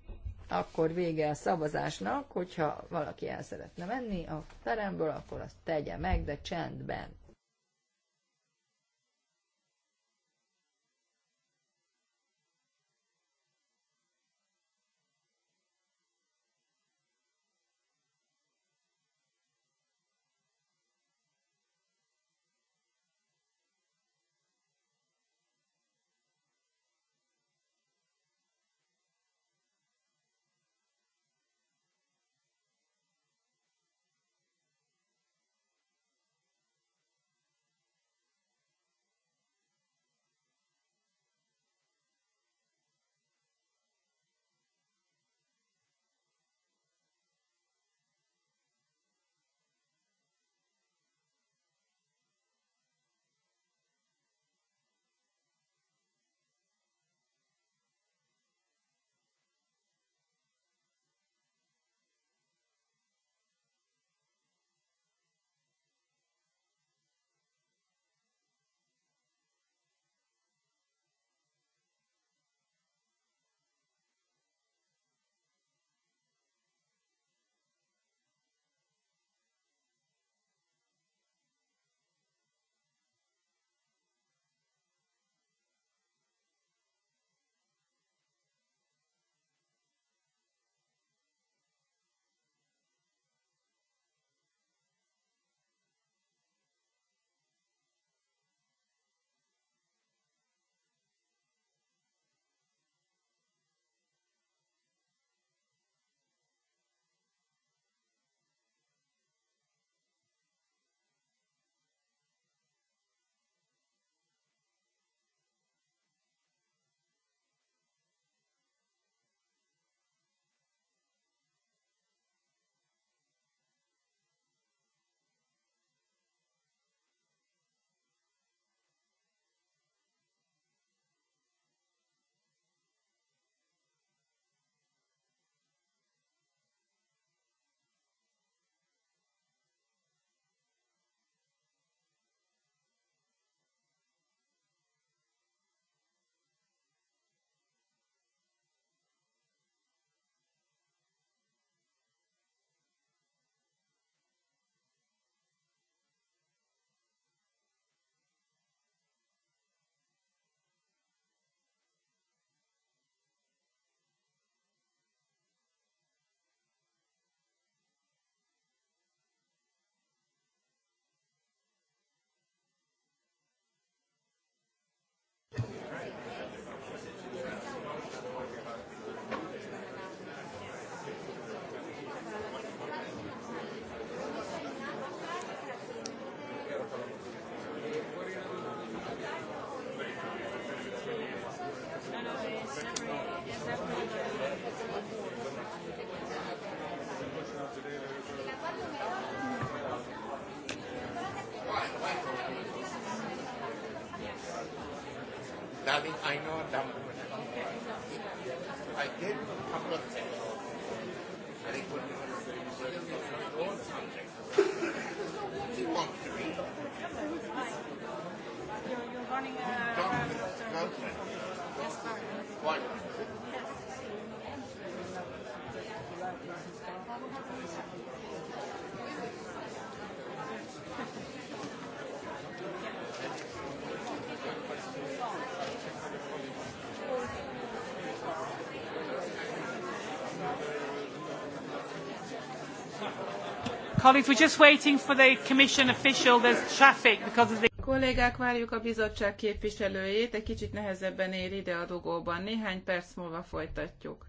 Akkor vége a szavazásnak, hogyha valaki el szeretne menni a teremből, akkor azt tegye meg, de csendben. Colleagues, we're just waiting for the commission official. There's traffic because of the... Kollégák, várjuk a bizottság képviselőjét, egy kicsit nehezebben ér ide a dugóban. Néhány perc múlva folytatjuk.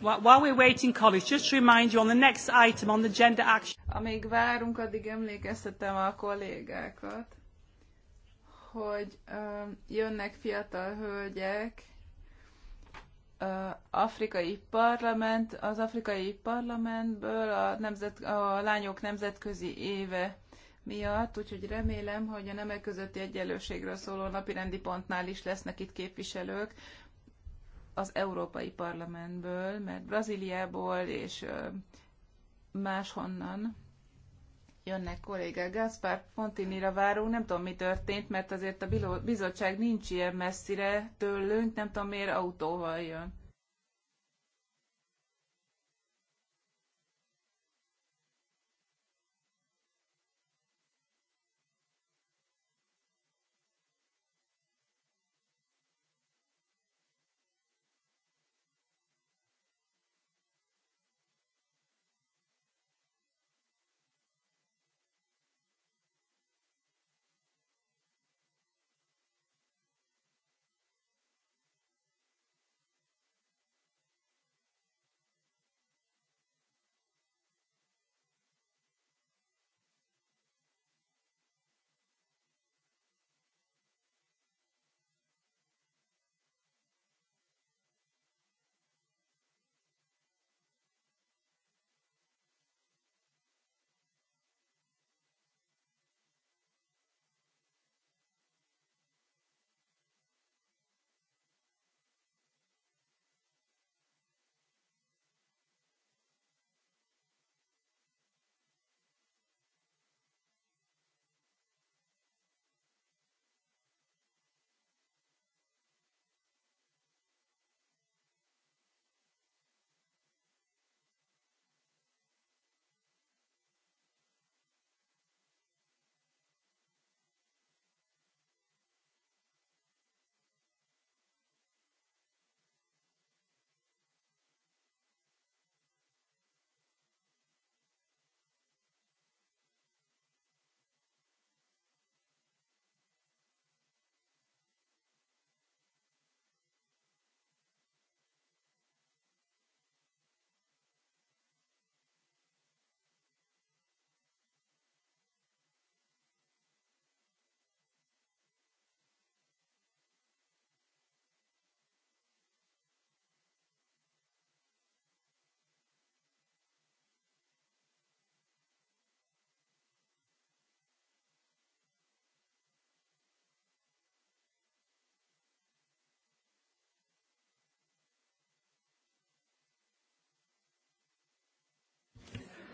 While we're waiting, colleagues, just to remind you on the next item on the gender action. Amíg várunk, addig emlékeztetem a kollégákat, hogy uh, jönnek fiatal hölgyek, uh, afrikai parlament, az afrikai parlamentből a, nemzet, a lányok nemzetközi éve miatt, úgyhogy remélem, hogy a nemek közötti egyenlőségről szóló napirendi pontnál is lesznek itt képviselők, az Európai Parlamentből, mert Brazíliából és máshonnan jönnek kollégák. Gaspar Fontinira várunk, nem tudom, mi történt, mert azért a bizottság nincs ilyen messzire tőlünk, nem tudom, miért autóval jön.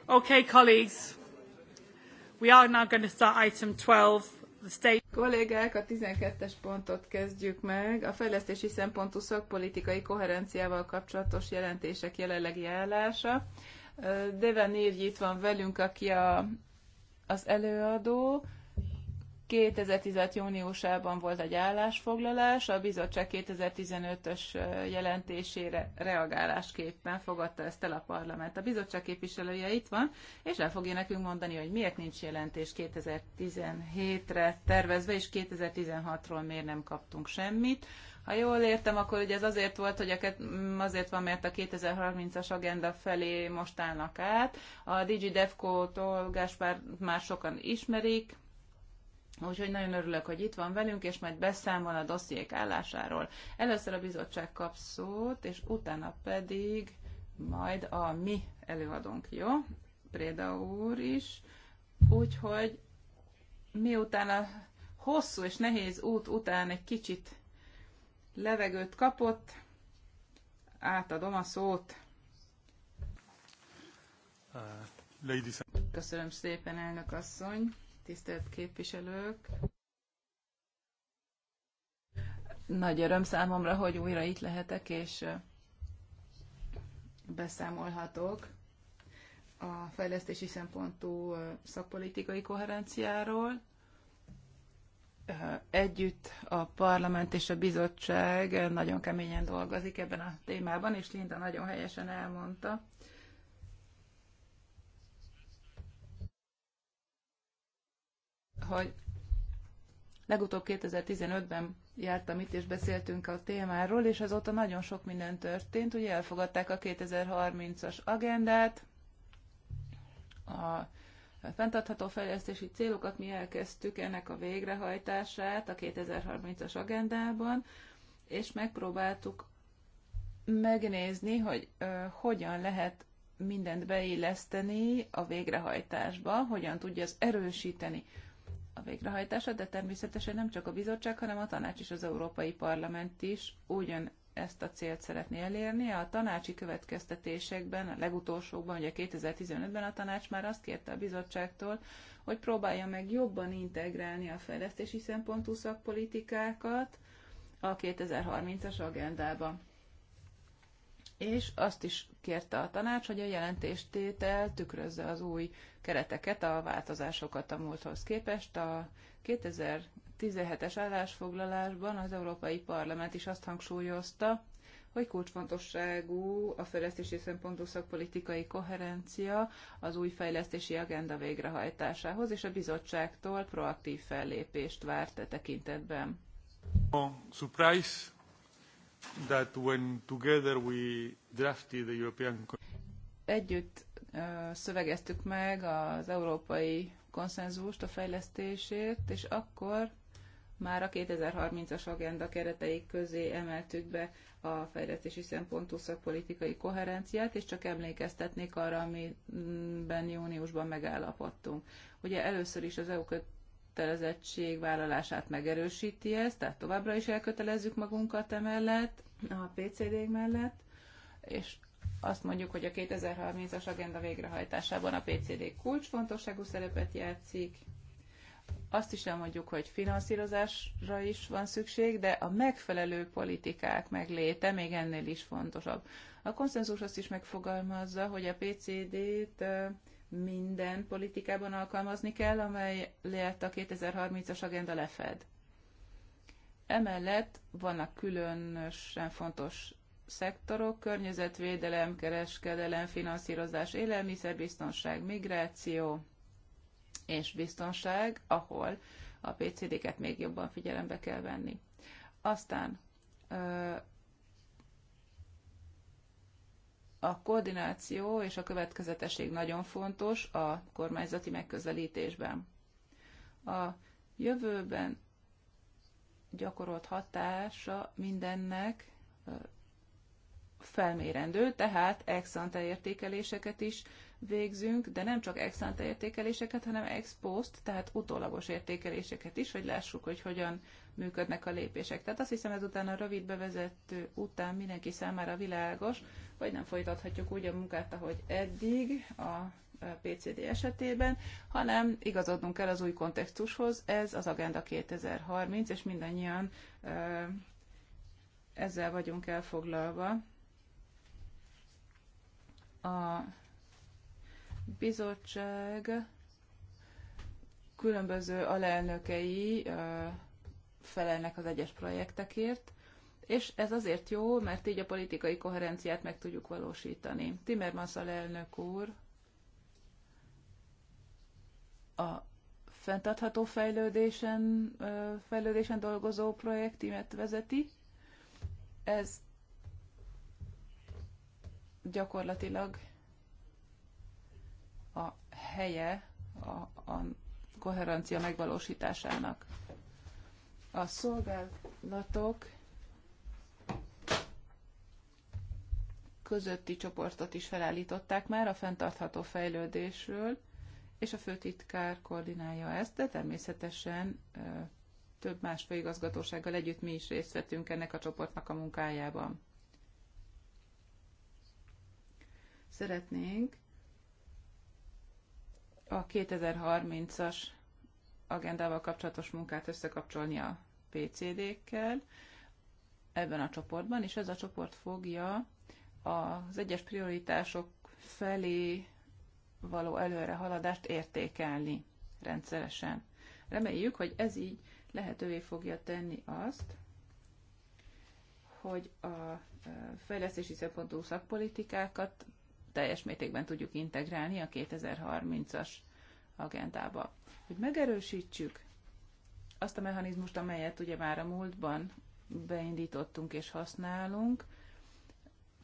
Okay, colleagues. We are now going to start item 12. The state... Kollégák, a 12-es pontot kezdjük meg. A fejlesztési szempontú szakpolitikai koherenciával kapcsolatos jelentések jelenlegi állása. Deven Érgy itt van velünk, aki a, az előadó. 2015 júniusában volt egy állásfoglalás, a bizottság 2015-ös jelentésére reagálásképpen fogadta ezt el a parlament. A bizottság képviselője itt van, és el fogja nekünk mondani, hogy miért nincs jelentés 2017-re tervezve, és 2016-ról miért nem kaptunk semmit. Ha jól értem, akkor ugye ez azért volt, hogy mm, azért van, mert a 2030-as agenda felé most állnak át. A DigiDevco-tól Gáspár már sokan ismerik, Úgyhogy nagyon örülök, hogy itt van velünk, és majd beszámol a dossziék állásáról. Először a bizottság kap szót, és utána pedig majd a mi előadónk, jó? Préda úr is. Úgyhogy miután a hosszú és nehéz út után egy kicsit levegőt kapott, átadom a szót. Uh, Köszönöm szépen, elnök asszony tisztelt képviselők! Nagy öröm számomra, hogy újra itt lehetek, és beszámolhatok a fejlesztési szempontú szakpolitikai koherenciáról. Együtt a parlament és a bizottság nagyon keményen dolgozik ebben a témában, és Linda nagyon helyesen elmondta, hogy legutóbb 2015-ben jártam itt, és beszéltünk a témáról, és azóta nagyon sok minden történt. Ugye elfogadták a 2030-as agendát, a fenntartható fejlesztési célokat mi elkezdtük ennek a végrehajtását a 2030-as agendában, és megpróbáltuk megnézni, hogy ö, hogyan lehet mindent beilleszteni a végrehajtásba, hogyan tudja az erősíteni a végrehajtása, de természetesen nem csak a bizottság, hanem a tanács és az Európai Parlament is ugyan ezt a célt szeretné elérni. A tanácsi következtetésekben, a legutolsókban, ugye 2015-ben a tanács már azt kérte a bizottságtól, hogy próbálja meg jobban integrálni a fejlesztési szempontú szakpolitikákat a 2030-as agendába és azt is kérte a tanács, hogy a jelentéstétel tükrözze az új kereteket, a változásokat a múlthoz képest. A 2017-es állásfoglalásban az Európai Parlament is azt hangsúlyozta, hogy kulcsfontosságú a fejlesztési szempontú szakpolitikai koherencia az új fejlesztési agenda végrehajtásához, és a bizottságtól proaktív fellépést várt e tekintetben. A oh, surprise that when together we drafted the European Együtt szövegeztük meg az európai konszenzust, a fejlesztését, és akkor már a 2030-as agenda keretei közé emeltük be a fejlesztési szempontú szakpolitikai koherenciát, és csak emlékeztetnék arra, amiben júniusban megállapodtunk. Ugye először is az EU kötelezettség vállalását megerősíti ezt, tehát továbbra is elkötelezzük magunkat emellett, a PCD mellett, és azt mondjuk, hogy a 2030-as agenda végrehajtásában a PCD kulcsfontosságú szerepet játszik. Azt is elmondjuk, hogy finanszírozásra is van szükség, de a megfelelő politikák megléte még ennél is fontosabb. A konszenzus azt is megfogalmazza, hogy a PCD-t minden politikában alkalmazni kell, amely lehet a 2030-as agenda lefed. Emellett vannak különösen fontos szektorok, környezetvédelem, kereskedelem, finanszírozás, élelmiszerbiztonság, migráció és biztonság, ahol a PCD-ket még jobban figyelembe kell venni. Aztán a koordináció és a következetesség nagyon fontos a kormányzati megközelítésben. A jövőben gyakorolt hatása mindennek felmérendő, tehát ex ante értékeléseket is végzünk, de nem csak ex ante értékeléseket, hanem ex post, tehát utólagos értékeléseket is, hogy lássuk, hogy hogyan működnek a lépések. Tehát azt hiszem ezután a rövid bevezető után mindenki számára világos, vagy nem folytathatjuk úgy a munkát, ahogy eddig a PCD esetében, hanem igazodnunk kell az új kontextushoz, ez az Agenda 2030, és mindannyian ezzel vagyunk elfoglalva. A bizottság különböző alelnökei felelnek az egyes projektekért, és ez azért jó, mert így a politikai koherenciát meg tudjuk valósítani. Timmermans elnök úr a fenntartható fejlődésen, fejlődésen dolgozó projektimet vezeti. Ez gyakorlatilag a helye a, a koherencia megvalósításának a szolgálatok közötti csoportot is felállították már a fenntartható fejlődésről, és a főtitkár koordinálja ezt, de természetesen több más főigazgatósággal együtt mi is részt vettünk ennek a csoportnak a munkájában. Szeretnénk a 2030-as agendával kapcsolatos munkát összekapcsolni a PCD-kkel ebben a csoportban, és ez a csoport fogja az egyes prioritások felé való előrehaladást értékelni rendszeresen. Reméljük, hogy ez így lehetővé fogja tenni azt, hogy a fejlesztési szempontú szakpolitikákat teljes mértékben tudjuk integrálni a 2030-as agendába. Hogy megerősítsük azt a mechanizmust, amelyet ugye már a múltban beindítottunk és használunk,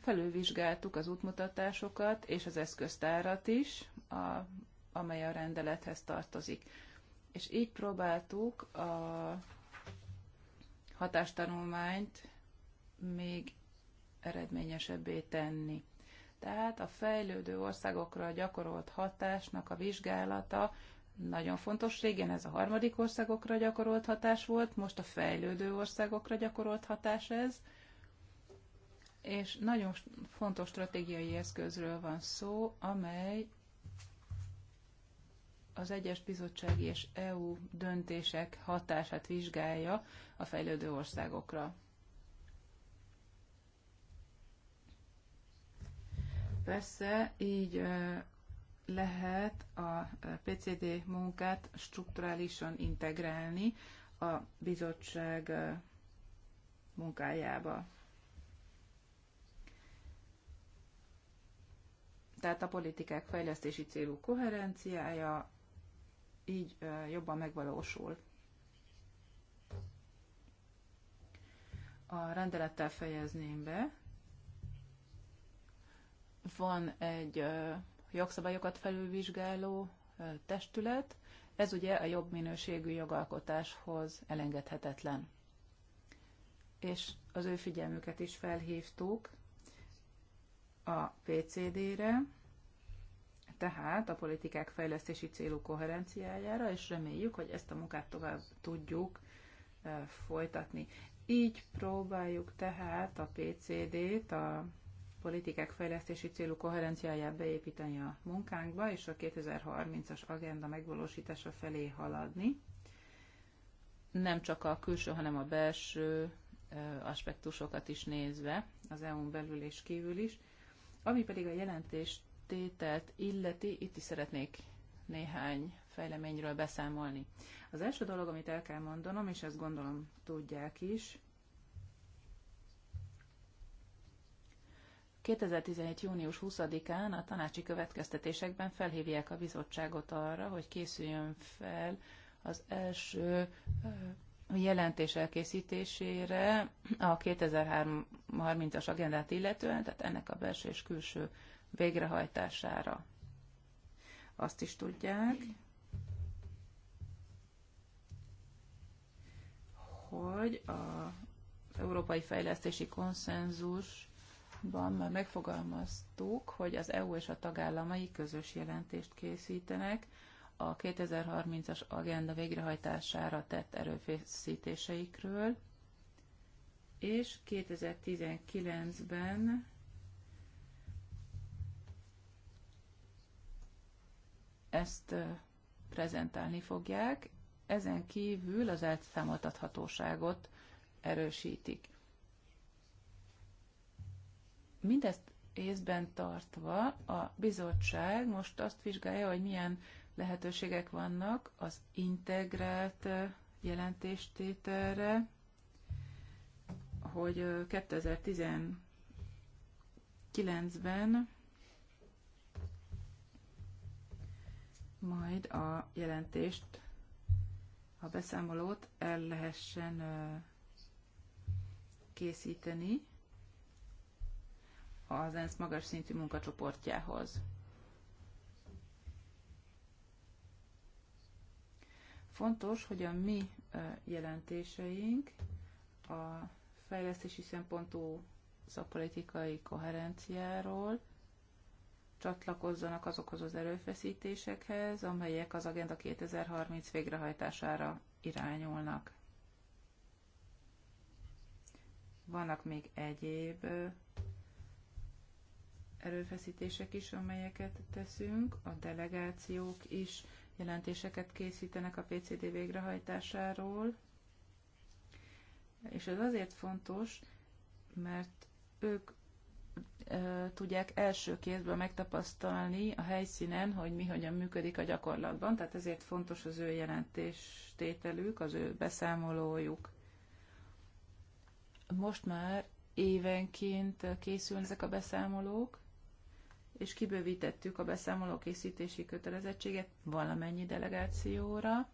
felülvizsgáltuk az útmutatásokat és az eszköztárat is, a, amely a rendelethez tartozik. És így próbáltuk a hatástanulmányt még eredményesebbé tenni. Tehát a fejlődő országokra gyakorolt hatásnak a vizsgálata nagyon fontos. Régen ez a harmadik országokra gyakorolt hatás volt, most a fejlődő országokra gyakorolt hatás ez, és nagyon fontos stratégiai eszközről van szó, amely az egyes bizottsági és EU döntések hatását vizsgálja a fejlődő országokra. Persze, így lehet a eh, PCD munkát strukturálisan integrálni a bizottság eh, munkájába. Tehát a politikák fejlesztési célú koherenciája így eh, jobban megvalósul. A rendelettel fejezném be. Van egy jogszabályokat felülvizsgáló testület, ez ugye a jobb minőségű jogalkotáshoz elengedhetetlen. És az ő figyelmüket is felhívtuk a PCD-re, tehát a politikák fejlesztési célú koherenciájára, és reméljük, hogy ezt a munkát tovább tudjuk folytatni. Így próbáljuk tehát a PCD-t, a politikák fejlesztési célú koherenciáját beépíteni a munkánkba, és a 2030-as agenda megvalósítása felé haladni. Nem csak a külső, hanem a belső aspektusokat is nézve, az EU-n belül és kívül is. Ami pedig a jelentést tételt illeti, itt is szeretnék néhány fejleményről beszámolni. Az első dolog, amit el kell mondanom, és ezt gondolom tudják is, 2017. június 20-án a tanácsi következtetésekben felhívják a bizottságot arra, hogy készüljön fel az első jelentés elkészítésére a 2030-as agendát illetően, tehát ennek a belső és külső végrehajtására. Azt is tudják, hogy az Európai Fejlesztési Konszenzus ban már megfogalmaztuk, hogy az EU és a tagállamai közös jelentést készítenek a 2030-as agenda végrehajtására tett erőfeszítéseikről, és 2019-ben ezt prezentálni fogják, ezen kívül az elszámoltathatóságot erősítik. Mindezt észben tartva a bizottság most azt vizsgálja, hogy milyen lehetőségek vannak az integrált jelentéstételre, hogy 2019-ben majd a jelentést, a beszámolót el lehessen készíteni az ENSZ magas szintű munkacsoportjához. Fontos, hogy a mi jelentéseink a fejlesztési szempontú szakpolitikai koherenciáról csatlakozzanak azokhoz az erőfeszítésekhez, amelyek az Agenda 2030 végrehajtására irányulnak. Vannak még egyéb erőfeszítések is, amelyeket teszünk, a delegációk is jelentéseket készítenek a PCD végrehajtásáról, és ez azért fontos, mert ők e, tudják első kézből megtapasztalni a helyszínen, hogy mi hogyan működik a gyakorlatban, tehát ezért fontos az ő jelentéstételük, az ő beszámolójuk. Most már évenként készülnek ezek a beszámolók, és kibővítettük a beszámolókészítési kötelezettséget valamennyi delegációra.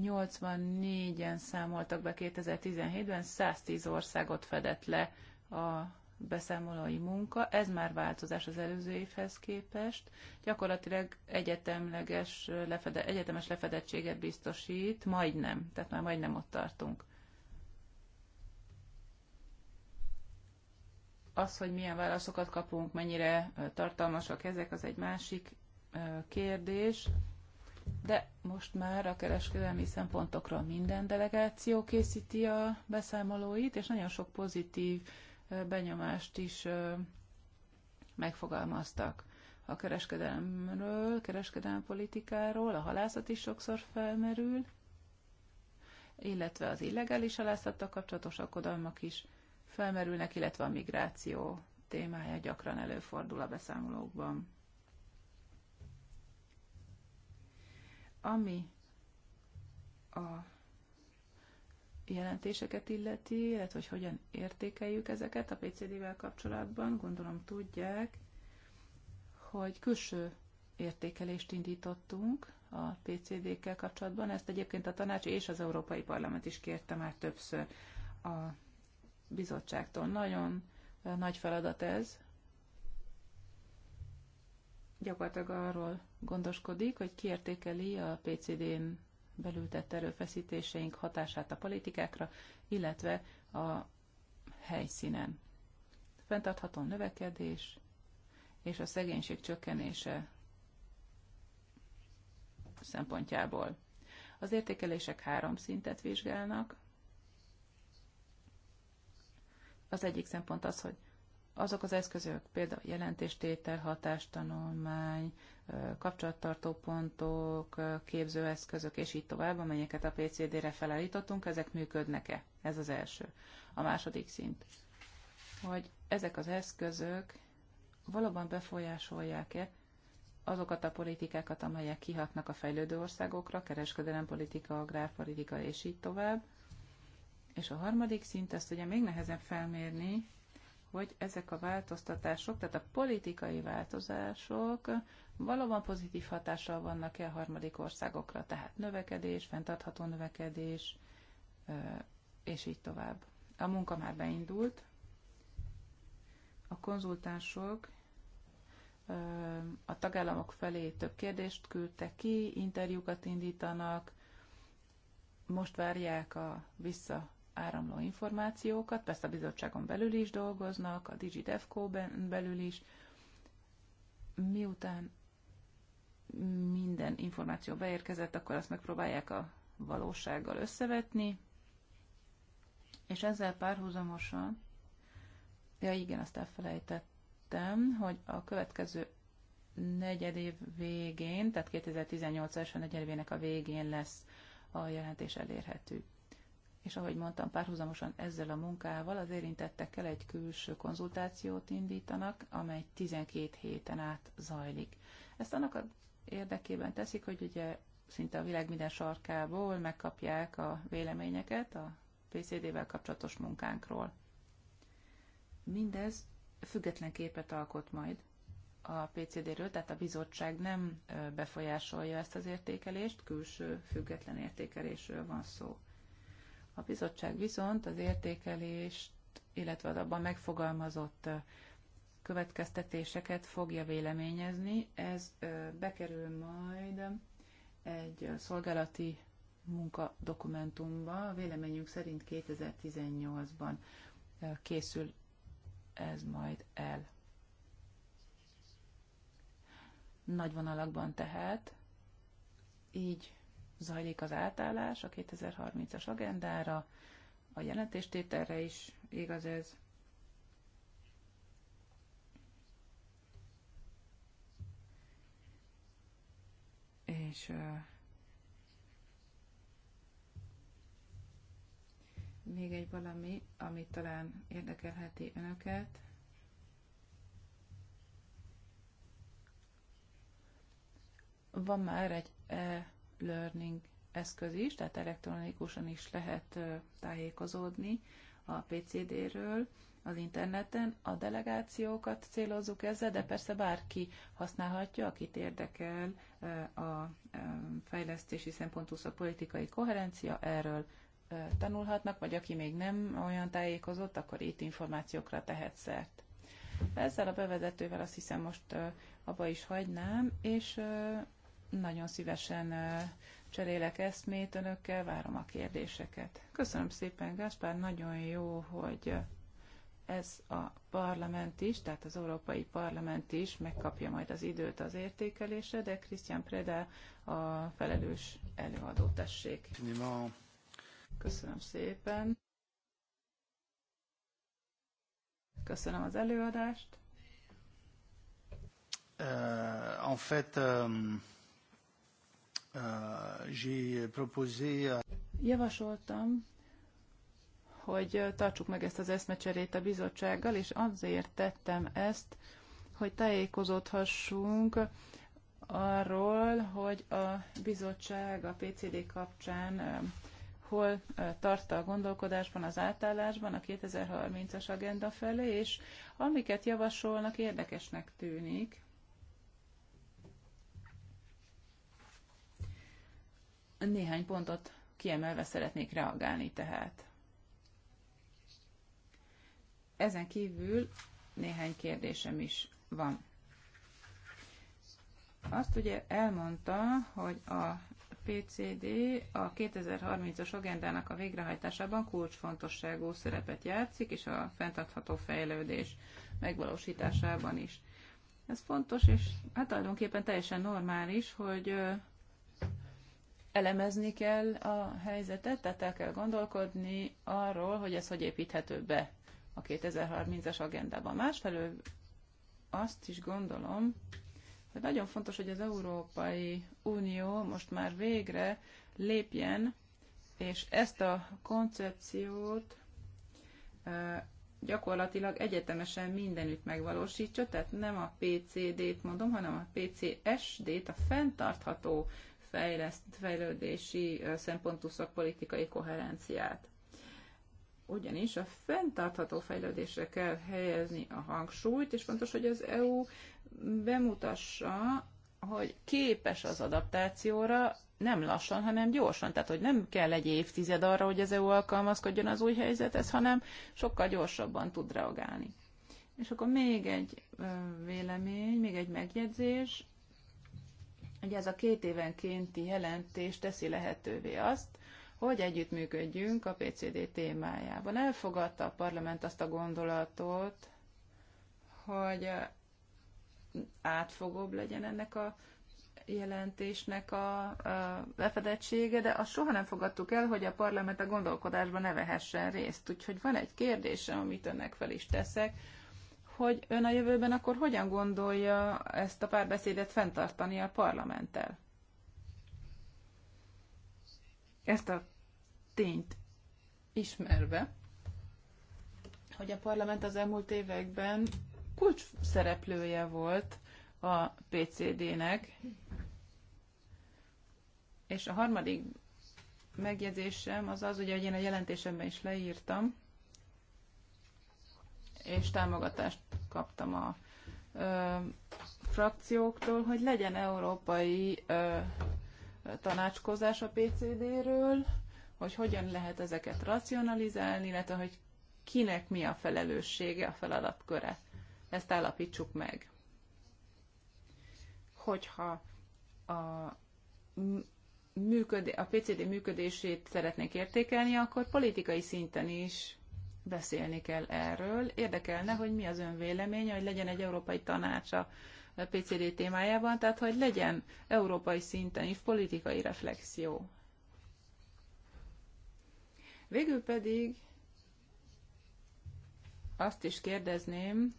84-en számoltak be 2017-ben, 110 országot fedett le a beszámolói munka. Ez már változás az előző évhez képest. Gyakorlatilag egyetemleges, lefede, egyetemes lefedettséget biztosít, majdnem, tehát már majdnem ott tartunk. Az, hogy milyen válaszokat kapunk, mennyire tartalmasak ezek, az egy másik kérdés. De most már a kereskedelmi szempontokról minden delegáció készíti a beszámolóit, és nagyon sok pozitív benyomást is megfogalmaztak a kereskedelemről, kereskedelmi politikáról, a halászat is sokszor felmerül, illetve az illegális halászattal kapcsolatos akadalmak is felmerülnek, illetve a migráció témája gyakran előfordul a beszámolókban. Ami a jelentéseket illeti, illetve hogy hogyan értékeljük ezeket a PCD-vel kapcsolatban, gondolom tudják, hogy külső értékelést indítottunk a PCD-kkel kapcsolatban. Ezt egyébként a tanács és az Európai Parlament is kérte már többször a bizottságtól. Nagyon nagy feladat ez. Gyakorlatilag arról gondoskodik, hogy kiértékeli a PCD-n belül tett erőfeszítéseink hatását a politikákra, illetve a helyszínen. Fentartható növekedés és a szegénység csökkenése szempontjából. Az értékelések három szintet vizsgálnak, az egyik szempont az, hogy azok az eszközök, például jelentéstétel, hatástanulmány, kapcsolattartó pontok, képzőeszközök, és így tovább, amelyeket a PCD-re felállítottunk, ezek működnek-e? Ez az első. A második szint, hogy ezek az eszközök valóban befolyásolják-e azokat a politikákat, amelyek kihatnak a fejlődő országokra, kereskedelempolitika, agrárpolitika, és így tovább, és a harmadik szint, ezt ugye még nehezebb felmérni, hogy ezek a változtatások, tehát a politikai változások valóban pozitív hatással vannak-e a harmadik országokra, tehát növekedés, fenntartható növekedés, és így tovább. A munka már beindult, a konzultánsok a tagállamok felé több kérdést küldtek ki, interjúkat indítanak, most várják a vissza áramló információkat, persze a bizottságon belül is dolgoznak, a digidevco ben belül is, miután minden információ beérkezett, akkor azt megpróbálják a valósággal összevetni, és ezzel párhuzamosan, ja igen, azt elfelejtettem, hogy a következő negyed év végén, tehát 2018 első negyedévének a végén lesz a jelentés elérhető és ahogy mondtam, párhuzamosan ezzel a munkával az érintettekkel egy külső konzultációt indítanak, amely 12 héten át zajlik. Ezt annak a érdekében teszik, hogy ugye szinte a világ minden sarkából megkapják a véleményeket a PCD-vel kapcsolatos munkánkról. Mindez független képet alkot majd a PCD-ről, tehát a bizottság nem befolyásolja ezt az értékelést, külső független értékelésről van szó. A bizottság viszont az értékelést, illetve az abban megfogalmazott következtetéseket fogja véleményezni. Ez bekerül majd egy szolgálati munkadokumentumba, véleményünk szerint 2018-ban készül ez majd el. Nagy vonalakban tehát így zajlik az átállás a 2030-as agendára, a jelentéstételre is igaz ez. És még egy valami, ami talán érdekelheti önöket. Van már egy e, learning eszköz is, tehát elektronikusan is lehet tájékozódni a PCD-ről az interneten. A delegációkat célozzuk ezzel, de persze bárki használhatja, akit érdekel a fejlesztési szempontú a politikai koherencia, erről tanulhatnak, vagy aki még nem olyan tájékozott, akkor itt információkra tehet szert. Ezzel a bevezetővel azt hiszem most abba is hagynám, és nagyon szívesen cserélek eszmét önökkel, várom a kérdéseket. Köszönöm szépen, Gáspár, nagyon jó, hogy ez a parlament is, tehát az Európai Parlament is megkapja majd az időt az értékelésre, de Krisztián Preda a felelős előadó tessék. Köszönöm szépen. Köszönöm az előadást. Uh, en fait, um... Euh, euh, Javasoltam, hogy tartsuk meg ezt az eszmecserét a bizottsággal, és azért tettem ezt, hogy tájékozódhassunk arról, hogy a bizottság a PCD kapcsán hol tart a gondolkodásban, az átállásban a 2030-as agenda felé, és amiket javasolnak érdekesnek tűnik, Néhány pontot kiemelve szeretnék reagálni tehát. Ezen kívül néhány kérdésem is van. Azt ugye elmondta, hogy a PCD a 2030-as agendának a végrehajtásában kulcsfontosságú szerepet játszik, és a fenntartható fejlődés megvalósításában is. Ez fontos, és hát tulajdonképpen teljesen normális, hogy elemezni kell a helyzetet, tehát el kell gondolkodni arról, hogy ez hogy építhető be a 2030-as agendában. Másfelől azt is gondolom, hogy nagyon fontos, hogy az Európai Unió most már végre lépjen, és ezt a koncepciót gyakorlatilag egyetemesen mindenütt megvalósítsa, tehát nem a PCD-t mondom, hanem a PCSD-t, a fenntartható fejleszt, fejlődési szempontú szakpolitikai koherenciát. Ugyanis a fenntartható fejlődésre kell helyezni a hangsúlyt, és fontos, hogy az EU bemutassa, hogy képes az adaptációra, nem lassan, hanem gyorsan. Tehát, hogy nem kell egy évtized arra, hogy az EU alkalmazkodjon az új helyzethez, hanem sokkal gyorsabban tud reagálni. És akkor még egy vélemény, még egy megjegyzés hogy ez a két évenkénti jelentés teszi lehetővé azt, hogy együttműködjünk a PCD témájában. Elfogadta a parlament azt a gondolatot, hogy átfogóbb legyen ennek a jelentésnek a, befedettsége, de azt soha nem fogadtuk el, hogy a parlament a gondolkodásban ne vehessen részt. Úgyhogy van egy kérdésem, amit önnek fel is teszek, hogy ön a jövőben akkor hogyan gondolja ezt a párbeszédet fenntartani a parlamenttel? Ezt a tényt ismerve, hogy a parlament az elmúlt években kulcs szereplője volt a PCD-nek, és a harmadik megjegyzésem az az, hogy én a jelentésemben is leírtam, és támogatást kaptam a ö, frakcióktól, hogy legyen európai ö, tanácskozás a PCD-ről, hogy hogyan lehet ezeket racionalizálni, illetve hogy kinek mi a felelőssége, a feladatköre. Ezt állapítsuk meg. Hogyha a, a PCD működését szeretnék értékelni, akkor politikai szinten is beszélni kell erről. Érdekelne, hogy mi az ön véleménye, hogy legyen egy európai tanácsa a PCD témájában, tehát hogy legyen európai szinten is politikai reflexió. Végül pedig azt is kérdezném,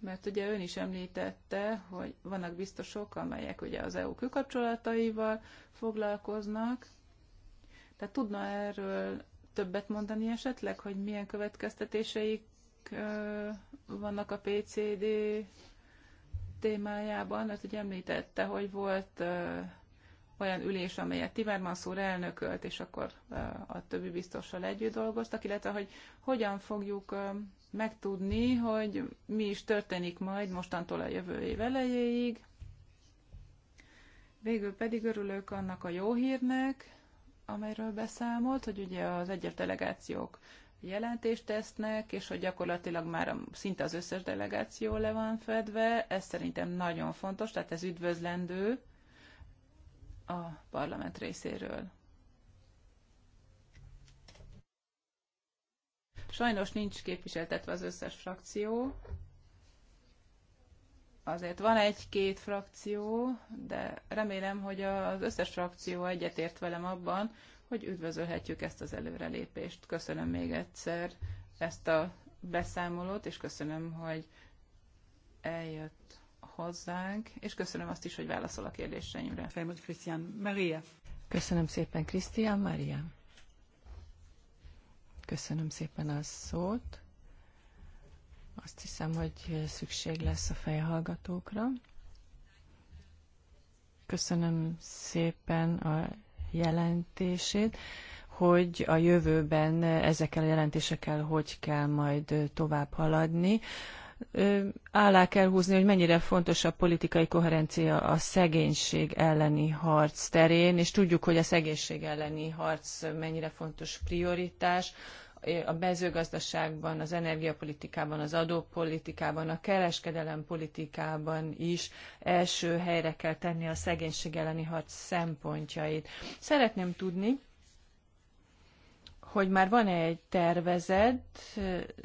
mert ugye ön is említette, hogy vannak biztosok, amelyek ugye az EU külkapcsolataival foglalkoznak, tehát tudna erről többet mondani esetleg, hogy milyen következtetéseik vannak a PCD témájában, mert ugye említette, hogy volt olyan ülés, amelyet Timmermans úr elnökölt, és akkor a többi biztossal együtt dolgoztak, illetve hogy hogyan fogjuk megtudni, hogy mi is történik majd mostantól a jövő év elejéig. Végül pedig örülök annak a jó hírnek, amelyről beszámolt, hogy ugye az egyes delegációk jelentést tesznek, és hogy gyakorlatilag már szinte az összes delegáció le van fedve. Ez szerintem nagyon fontos, tehát ez üdvözlendő a parlament részéről. Sajnos nincs képviseltetve az összes frakció, azért van egy-két frakció, de remélem, hogy az összes frakció egyetért velem abban, hogy üdvözölhetjük ezt az előrelépést. Köszönöm még egyszer ezt a beszámolót, és köszönöm, hogy eljött hozzánk, és köszönöm azt is, hogy válaszol a kérdéseimre. Krisztián Maria. Köszönöm szépen, Krisztián Maria. Köszönöm szépen a szót. Azt hiszem, hogy szükség lesz a fejhallgatókra. Köszönöm szépen a jelentését, hogy a jövőben ezekkel a jelentésekkel hogy kell majd tovább haladni állá kell húzni, hogy mennyire fontos a politikai koherencia a szegénység elleni harc terén, és tudjuk, hogy a szegénység elleni harc mennyire fontos prioritás a mezőgazdaságban, az energiapolitikában, az adópolitikában, a kereskedelem politikában is első helyre kell tenni a szegénység elleni harc szempontjait. Szeretném tudni, hogy már van-e egy tervezet,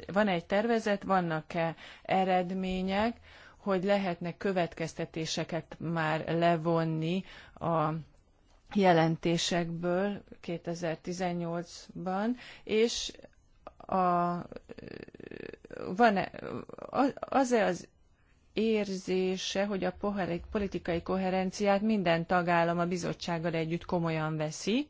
van -e egy tervezet, vannak-e eredmények, hogy lehetne következtetéseket már levonni a jelentésekből 2018-ban, és a, van -e, az-e az érzése, hogy a politikai koherenciát minden tagállam a bizottsággal együtt komolyan veszi,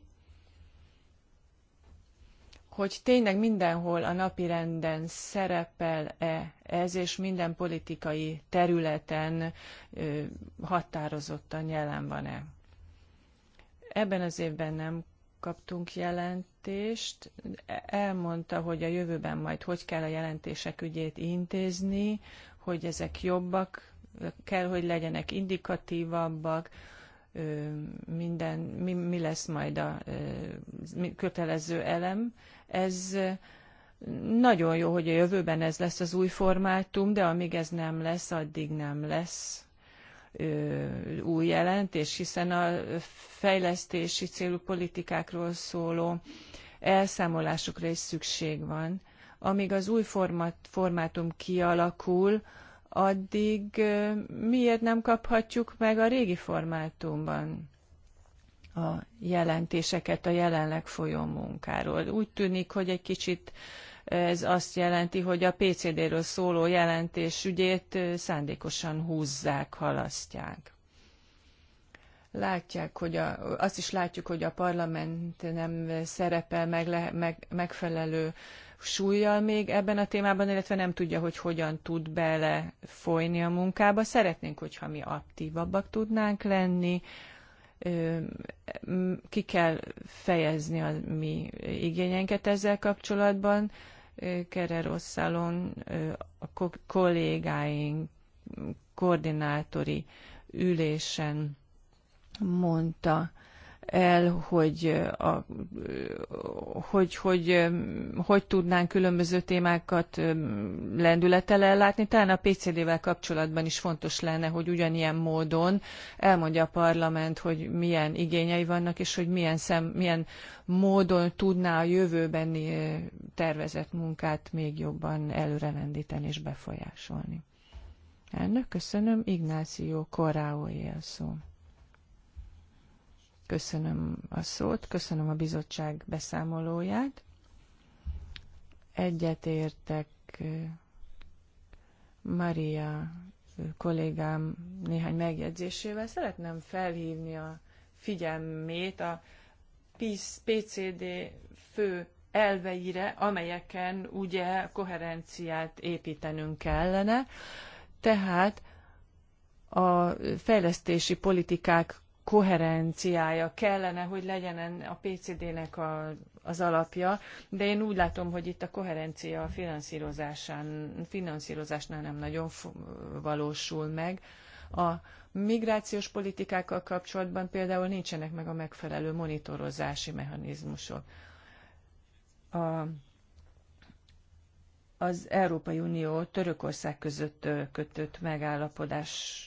hogy tényleg mindenhol a napirenden szerepel-e ez, és minden politikai területen ö, határozottan jelen van-e. Ebben az évben nem kaptunk jelent jelentést, elmondta, hogy a jövőben majd hogy kell a jelentések ügyét intézni, hogy ezek jobbak, kell, hogy legyenek indikatívabbak, minden, mi, mi lesz majd a kötelező elem. Ez nagyon jó, hogy a jövőben ez lesz az új formátum, de amíg ez nem lesz, addig nem lesz új jelentés, hiszen a fejlesztési célú politikákról szóló elszámolásokra is szükség van. Amíg az új format, formátum kialakul, addig miért nem kaphatjuk meg a régi formátumban? a jelentéseket a jelenleg folyó munkáról. Úgy tűnik, hogy egy kicsit ez azt jelenti, hogy a PCD-ről szóló jelentés ügyét szándékosan húzzák, halasztják. Látják, hogy a, azt is látjuk, hogy a parlament nem szerepel megle, meg, megfelelő súlyjal még ebben a témában, illetve nem tudja, hogy hogyan tud bele folyni a munkába. Szeretnénk, hogyha mi aktívabbak tudnánk lenni, ki kell fejezni a mi igényenket ezzel kapcsolatban. Kererosszalon a kollégáink koordinátori ülésen mondta, el, hogy, a, hogy, hogy, hogy tudnánk különböző témákat lendülettel ellátni. Talán a PCD-vel kapcsolatban is fontos lenne, hogy ugyanilyen módon elmondja a parlament, hogy milyen igényei vannak, és hogy milyen, szem, milyen módon tudná a jövőbeni tervezett munkát még jobban előrelendíteni és befolyásolni. Elnök, köszönöm. Ignácio Koráó él szó. Köszönöm a szót, köszönöm a bizottság beszámolóját. Egyetértek Maria kollégám néhány megjegyzésével. Szeretném felhívni a figyelmét a PCD fő elveire, amelyeken ugye koherenciát építenünk kellene. Tehát a fejlesztési politikák koherenciája kellene, hogy legyen a PCD-nek a, az alapja, de én úgy látom, hogy itt a koherencia a finanszírozásán, finanszírozásnál nem nagyon valósul meg. A migrációs politikákkal kapcsolatban például nincsenek meg a megfelelő monitorozási mechanizmusok. A, az Európai Unió Törökország között kötött megállapodás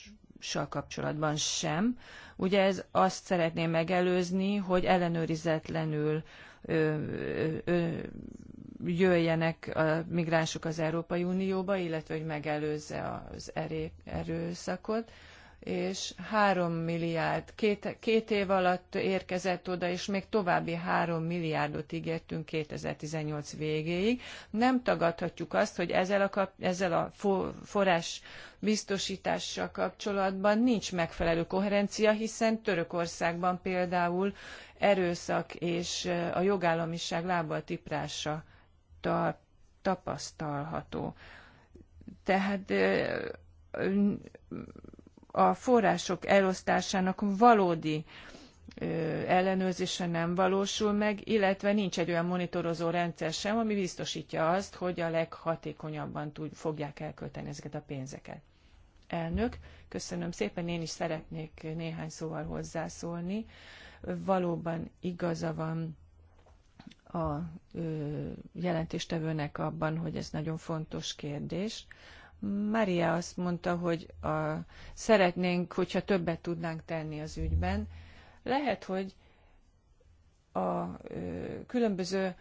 kapcsolatban sem. Ugye ez azt szeretné megelőzni, hogy ellenőrizetlenül ö, ö, jöjjenek a migránsok az Európai Unióba, illetve hogy megelőzze az eré, erőszakot és 3 milliárd két, két év alatt érkezett oda, és még további 3 milliárdot ígértünk 2018 végéig. Nem tagadhatjuk azt, hogy ezzel a, kap, ezzel a forrás biztosítással kapcsolatban nincs megfelelő koherencia, hiszen Törökországban például erőszak és eh, a jogállamiság lábbal tiprása tapasztalható. Tehát eh, a források elosztásának valódi ellenőrzése nem valósul meg, illetve nincs egy olyan monitorozó rendszer sem, ami biztosítja azt, hogy a leghatékonyabban tud, fogják elkölteni ezeket a pénzeket. Elnök, köszönöm szépen, én is szeretnék néhány szóval hozzászólni. Valóban igaza van a jelentéstevőnek abban, hogy ez nagyon fontos kérdés. Maria azt mondta, hogy a, szeretnénk, hogyha többet tudnánk tenni az ügyben. Lehet, hogy a ö, különböző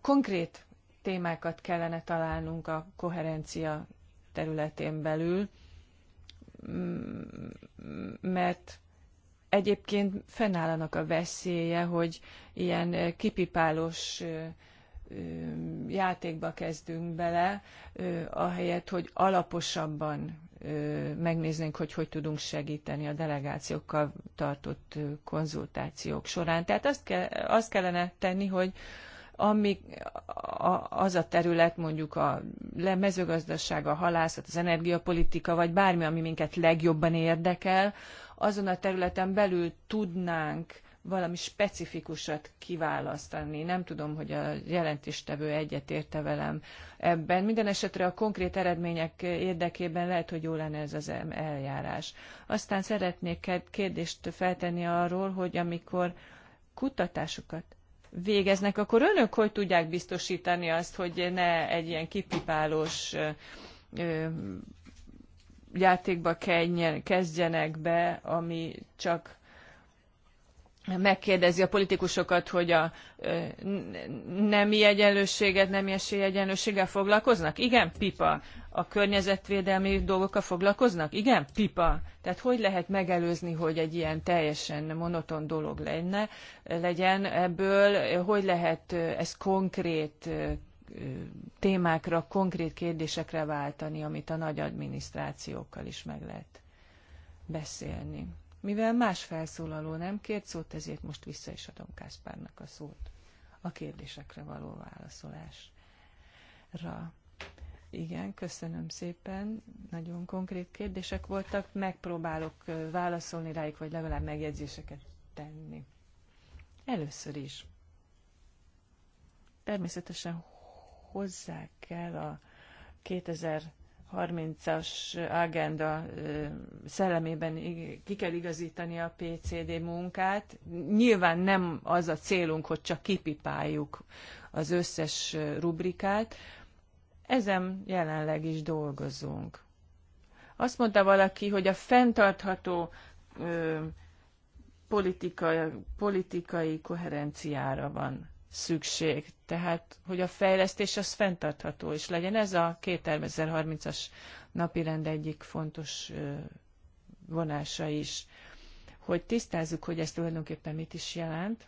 konkrét témákat kellene találnunk a koherencia területén belül, mert egyébként fennállanak a veszélye, hogy ilyen kipipálós játékba kezdünk bele, ahelyett, hogy alaposabban megnéznénk, hogy hogy tudunk segíteni a delegációkkal tartott konzultációk során. Tehát azt, ke- azt kellene tenni, hogy ami a, az a terület, mondjuk a mezőgazdaság, a halászat, az energiapolitika, vagy bármi, ami minket legjobban érdekel, azon a területen belül tudnánk valami specifikusat kiválasztani. Nem tudom, hogy a jelentéstevő egyetérte velem ebben. Minden esetre a konkrét eredmények érdekében lehet, hogy jó lenne ez az eljárás. Aztán szeretnék kérdést feltenni arról, hogy amikor kutatásokat végeznek, akkor önök hogy tudják biztosítani azt, hogy ne egy ilyen kipipálós játékba kezdjenek be, ami csak megkérdezi a politikusokat, hogy a nemi egyenlőséget, nemi esélyegyenlőséggel foglalkoznak? Igen, pipa. A környezetvédelmi dolgokkal foglalkoznak? Igen, pipa. Tehát hogy lehet megelőzni, hogy egy ilyen teljesen monoton dolog lenne, legyen ebből, hogy lehet ez konkrét témákra, konkrét kérdésekre váltani, amit a nagy adminisztrációkkal is meg lehet beszélni. Mivel más felszólaló nem kért szót, ezért most vissza is adom Kászpárnak a szót a kérdésekre való válaszolásra. Igen, köszönöm szépen. Nagyon konkrét kérdések voltak. Megpróbálok válaszolni rájuk, vagy legalább megjegyzéseket tenni. Először is. Természetesen hozzá kell a 2000 30-as agenda szellemében ki kell igazítani a PCD munkát. Nyilván nem az a célunk, hogy csak kipipáljuk az összes rubrikát. Ezen jelenleg is dolgozunk. Azt mondta valaki, hogy a fenntartható politika, politikai koherenciára van szükség. Tehát, hogy a fejlesztés az fenntartható is legyen. Ez a 2030-as napirend egyik fontos vonása is. Hogy tisztázzuk, hogy ez tulajdonképpen mit is jelent.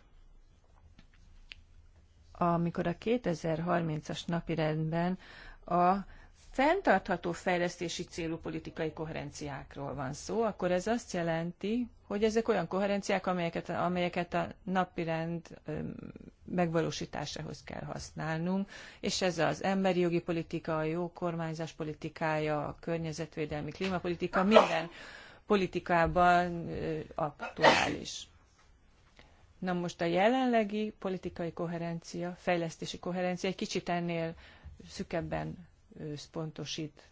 Amikor a 2030-as napirendben a fenntartható fejlesztési célú politikai koherenciákról van szó, akkor ez azt jelenti, hogy ezek olyan koherenciák, amelyeket, amelyeket a napirend megvalósításához kell használnunk, és ez az emberi jogi politika, a jó kormányzás politikája, a környezetvédelmi klímapolitika, minden politikában aktuális. Na most a jelenlegi politikai koherencia, fejlesztési koherencia egy kicsit ennél szükebben összpontosít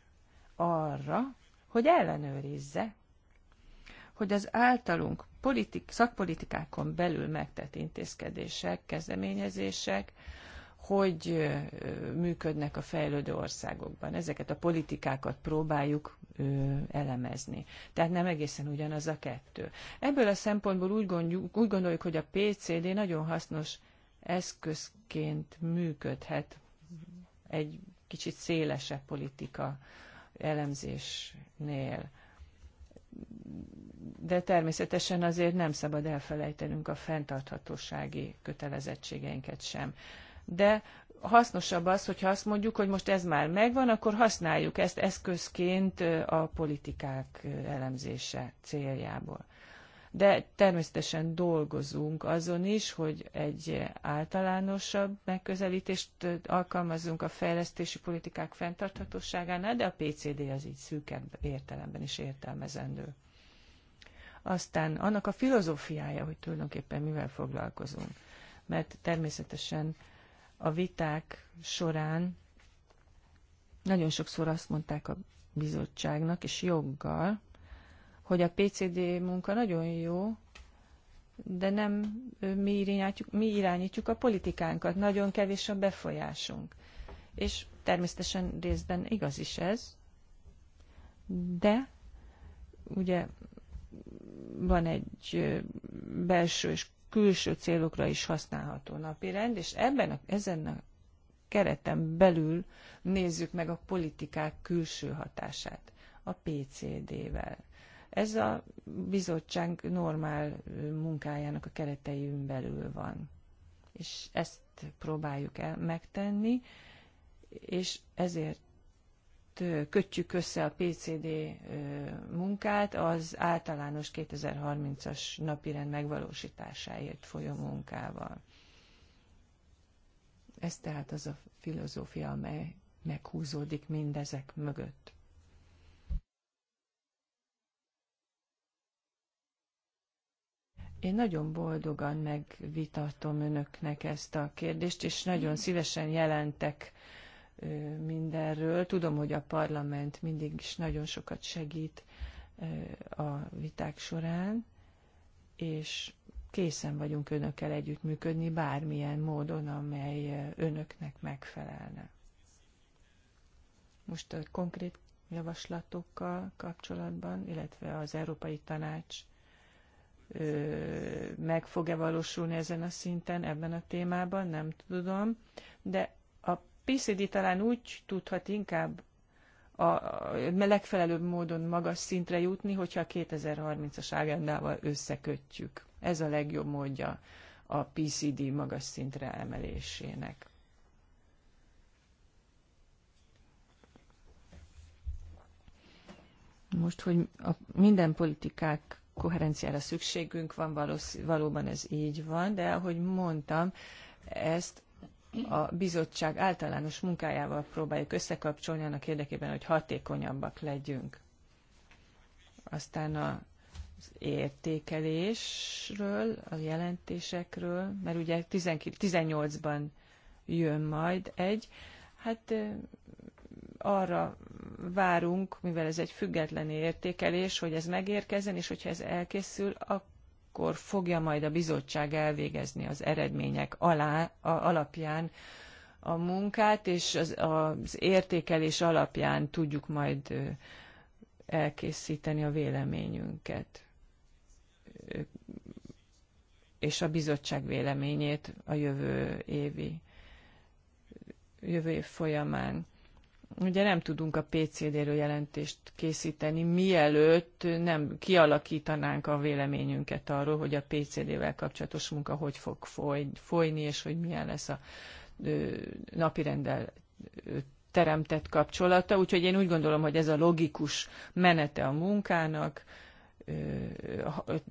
arra, hogy ellenőrizze, hogy az általunk politik, szakpolitikákon belül megtett intézkedések, kezdeményezések, hogy működnek a fejlődő országokban. Ezeket a politikákat próbáljuk elemezni. Tehát nem egészen ugyanaz a kettő. Ebből a szempontból úgy gondoljuk, úgy gondoljuk hogy a PCD nagyon hasznos eszközként működhet egy kicsit szélesebb politika elemzésnél. De természetesen azért nem szabad elfelejtenünk a fenntarthatósági kötelezettségeinket sem. De hasznosabb az, hogyha azt mondjuk, hogy most ez már megvan, akkor használjuk ezt eszközként a politikák elemzése céljából de természetesen dolgozunk azon is, hogy egy általánosabb megközelítést alkalmazzunk a fejlesztési politikák fenntarthatóságánál, de a PCD az így szűkebb értelemben is értelmezendő. Aztán annak a filozófiája, hogy tulajdonképpen mivel foglalkozunk. Mert természetesen a viták során nagyon sokszor azt mondták a bizottságnak, és joggal, hogy a PCD munka nagyon jó, de nem mi irányítjuk, mi irányítjuk a politikánkat, nagyon kevés a befolyásunk. És természetesen részben igaz is ez, de ugye van egy belső és külső célokra is használható rend, és ebben a, ezen a kereten belül nézzük meg a politikák külső hatását a PCD-vel. Ez a bizottság normál munkájának a keretein belül van. És ezt próbáljuk el megtenni, és ezért kötjük össze a PCD munkát az általános 2030-as napirend megvalósításáért folyó munkával. Ez tehát az a filozófia, amely meghúzódik mindezek mögött. Én nagyon boldogan megvitatom önöknek ezt a kérdést, és nagyon szívesen jelentek mindenről. Tudom, hogy a parlament mindig is nagyon sokat segít a viták során, és készen vagyunk önökkel együttműködni bármilyen módon, amely önöknek megfelelne. Most a konkrét javaslatokkal kapcsolatban, illetve az Európai Tanács meg fog-e valósulni ezen a szinten, ebben a témában, nem tudom. De a PCD talán úgy tudhat inkább a, a legfelelőbb módon magas szintre jutni, hogyha a 2030-as ágendával összekötjük. Ez a legjobb módja a PCD magas szintre emelésének. Most, hogy a minden politikák koherenciára szükségünk van, valóban ez így van, de ahogy mondtam, ezt a bizottság általános munkájával próbáljuk összekapcsolni annak érdekében, hogy hatékonyabbak legyünk. Aztán a az értékelésről, a jelentésekről, mert ugye 18-ban jön majd egy, hát arra várunk, mivel ez egy független értékelés, hogy ez megérkezzen, és hogyha ez elkészül, akkor fogja majd a bizottság elvégezni az eredmények alá, a, alapján a munkát, és az, az értékelés alapján tudjuk majd elkészíteni a véleményünket és a bizottság véleményét a jövő évi jövő év folyamán ugye nem tudunk a PCD-ről jelentést készíteni, mielőtt nem kialakítanánk a véleményünket arról, hogy a PCD-vel kapcsolatos munka hogy fog folyni, és hogy milyen lesz a napirendel teremtett kapcsolata. Úgyhogy én úgy gondolom, hogy ez a logikus menete a munkának,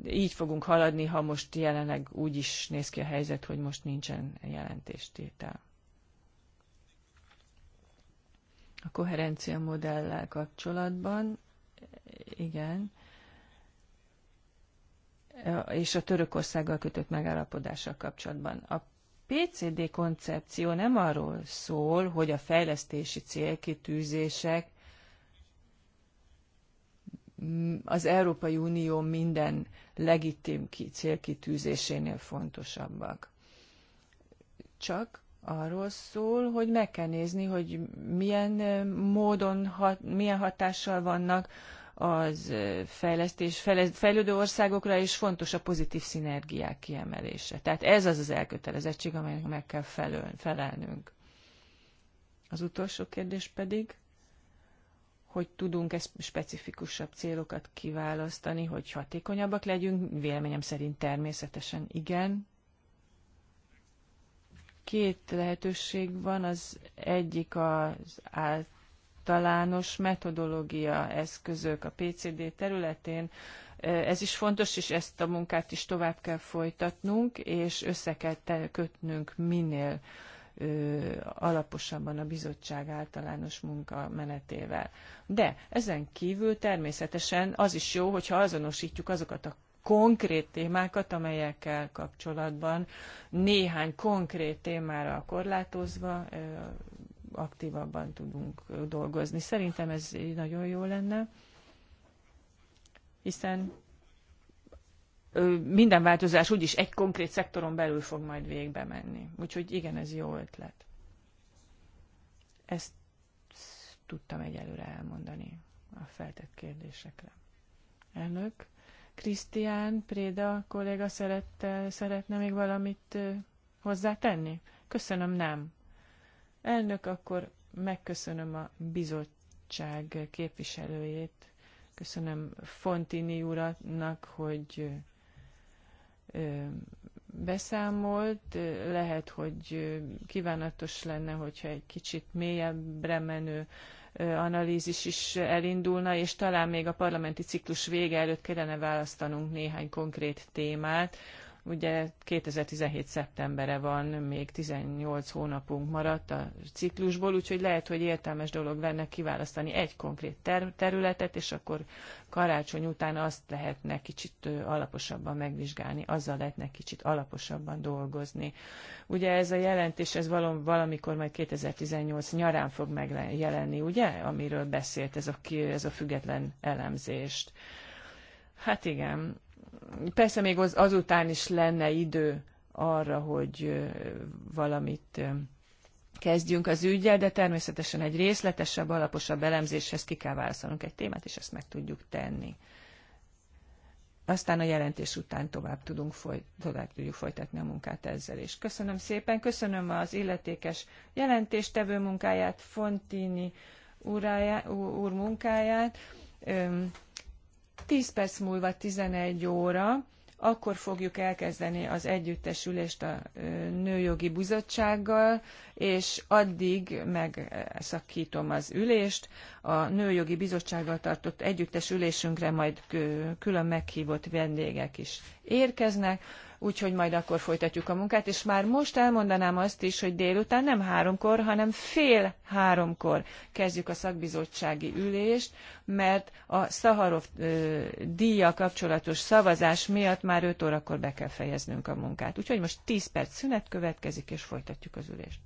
így fogunk haladni, ha most jelenleg úgy is néz ki a helyzet, hogy most nincsen jelentéstétel. a koherencia modellel kapcsolatban, igen, és a Törökországgal kötött megállapodással kapcsolatban. A PCD koncepció nem arról szól, hogy a fejlesztési célkitűzések az Európai Unió minden legitim célkitűzésénél fontosabbak. Csak arról szól, hogy meg kell nézni, hogy milyen módon, hat, milyen hatással vannak az fejlesztés, fejlődő országokra, és fontos a pozitív szinergiák kiemelése. Tehát ez az az elkötelezettség, amelynek meg kell felöl, felelnünk. Az utolsó kérdés pedig, hogy tudunk ezt specifikusabb célokat kiválasztani, hogy hatékonyabbak legyünk? Véleményem szerint természetesen igen, Két lehetőség van, az egyik az általános metodológia eszközök a PCD területén, ez is fontos, és ezt a munkát is tovább kell folytatnunk, és össze kell kötnünk minél alaposabban a bizottság általános munka menetével. De ezen kívül természetesen az is jó, hogyha azonosítjuk azokat a konkrét témákat, amelyekkel kapcsolatban néhány konkrét témára korlátozva aktívabban tudunk dolgozni. Szerintem ez nagyon jó lenne, hiszen minden változás úgyis egy konkrét szektoron belül fog majd végbe menni. Úgyhogy igen, ez jó ötlet. Ezt tudtam egyelőre elmondani a feltett kérdésekre. Elnök, Krisztián Préda kolléga szerette, szeretne még valamit hozzátenni? Köszönöm, nem. Elnök, akkor megköszönöm a bizottság képviselőjét. Köszönöm Fontini uratnak, hogy beszámolt. Lehet, hogy kívánatos lenne, hogyha egy kicsit mélyebbre menő analízis is elindulna, és talán még a parlamenti ciklus vége előtt kellene választanunk néhány konkrét témát, Ugye 2017. szeptembere van, még 18 hónapunk maradt a ciklusból, úgyhogy lehet, hogy értelmes dolog lenne kiválasztani egy konkrét ter- területet, és akkor karácsony után azt lehetne kicsit alaposabban megvizsgálni, azzal lehetne kicsit alaposabban dolgozni. Ugye ez a jelentés, ez valam, valamikor majd 2018 nyarán fog megjelenni, ugye, amiről beszélt ez a, ez a független elemzést. Hát igen, Persze még az, azután is lenne idő arra, hogy valamit kezdjünk az ügyel, de természetesen egy részletesebb, alaposabb elemzéshez ki kell válaszolnunk egy témát, és ezt meg tudjuk tenni. Aztán a jelentés után tovább, tudunk folyt, tovább tudjuk folytatni a munkát ezzel is. Köszönöm szépen, köszönöm az illetékes jelentéstevő munkáját, Fontini úrája, úr munkáját. Öm, 10 perc múlva 11 óra, akkor fogjuk elkezdeni az együttesülést a Nőjogi Bizottsággal, és addig megszakítom az ülést. A Nőjogi Bizottsággal tartott együttesülésünkre majd külön meghívott vendégek is érkeznek úgyhogy majd akkor folytatjuk a munkát, és már most elmondanám azt is, hogy délután nem háromkor, hanem fél háromkor kezdjük a szakbizottsági ülést, mert a Szaharov díja kapcsolatos szavazás miatt már 5 órakor be kell fejeznünk a munkát. Úgyhogy most 10 perc szünet következik, és folytatjuk az ülést.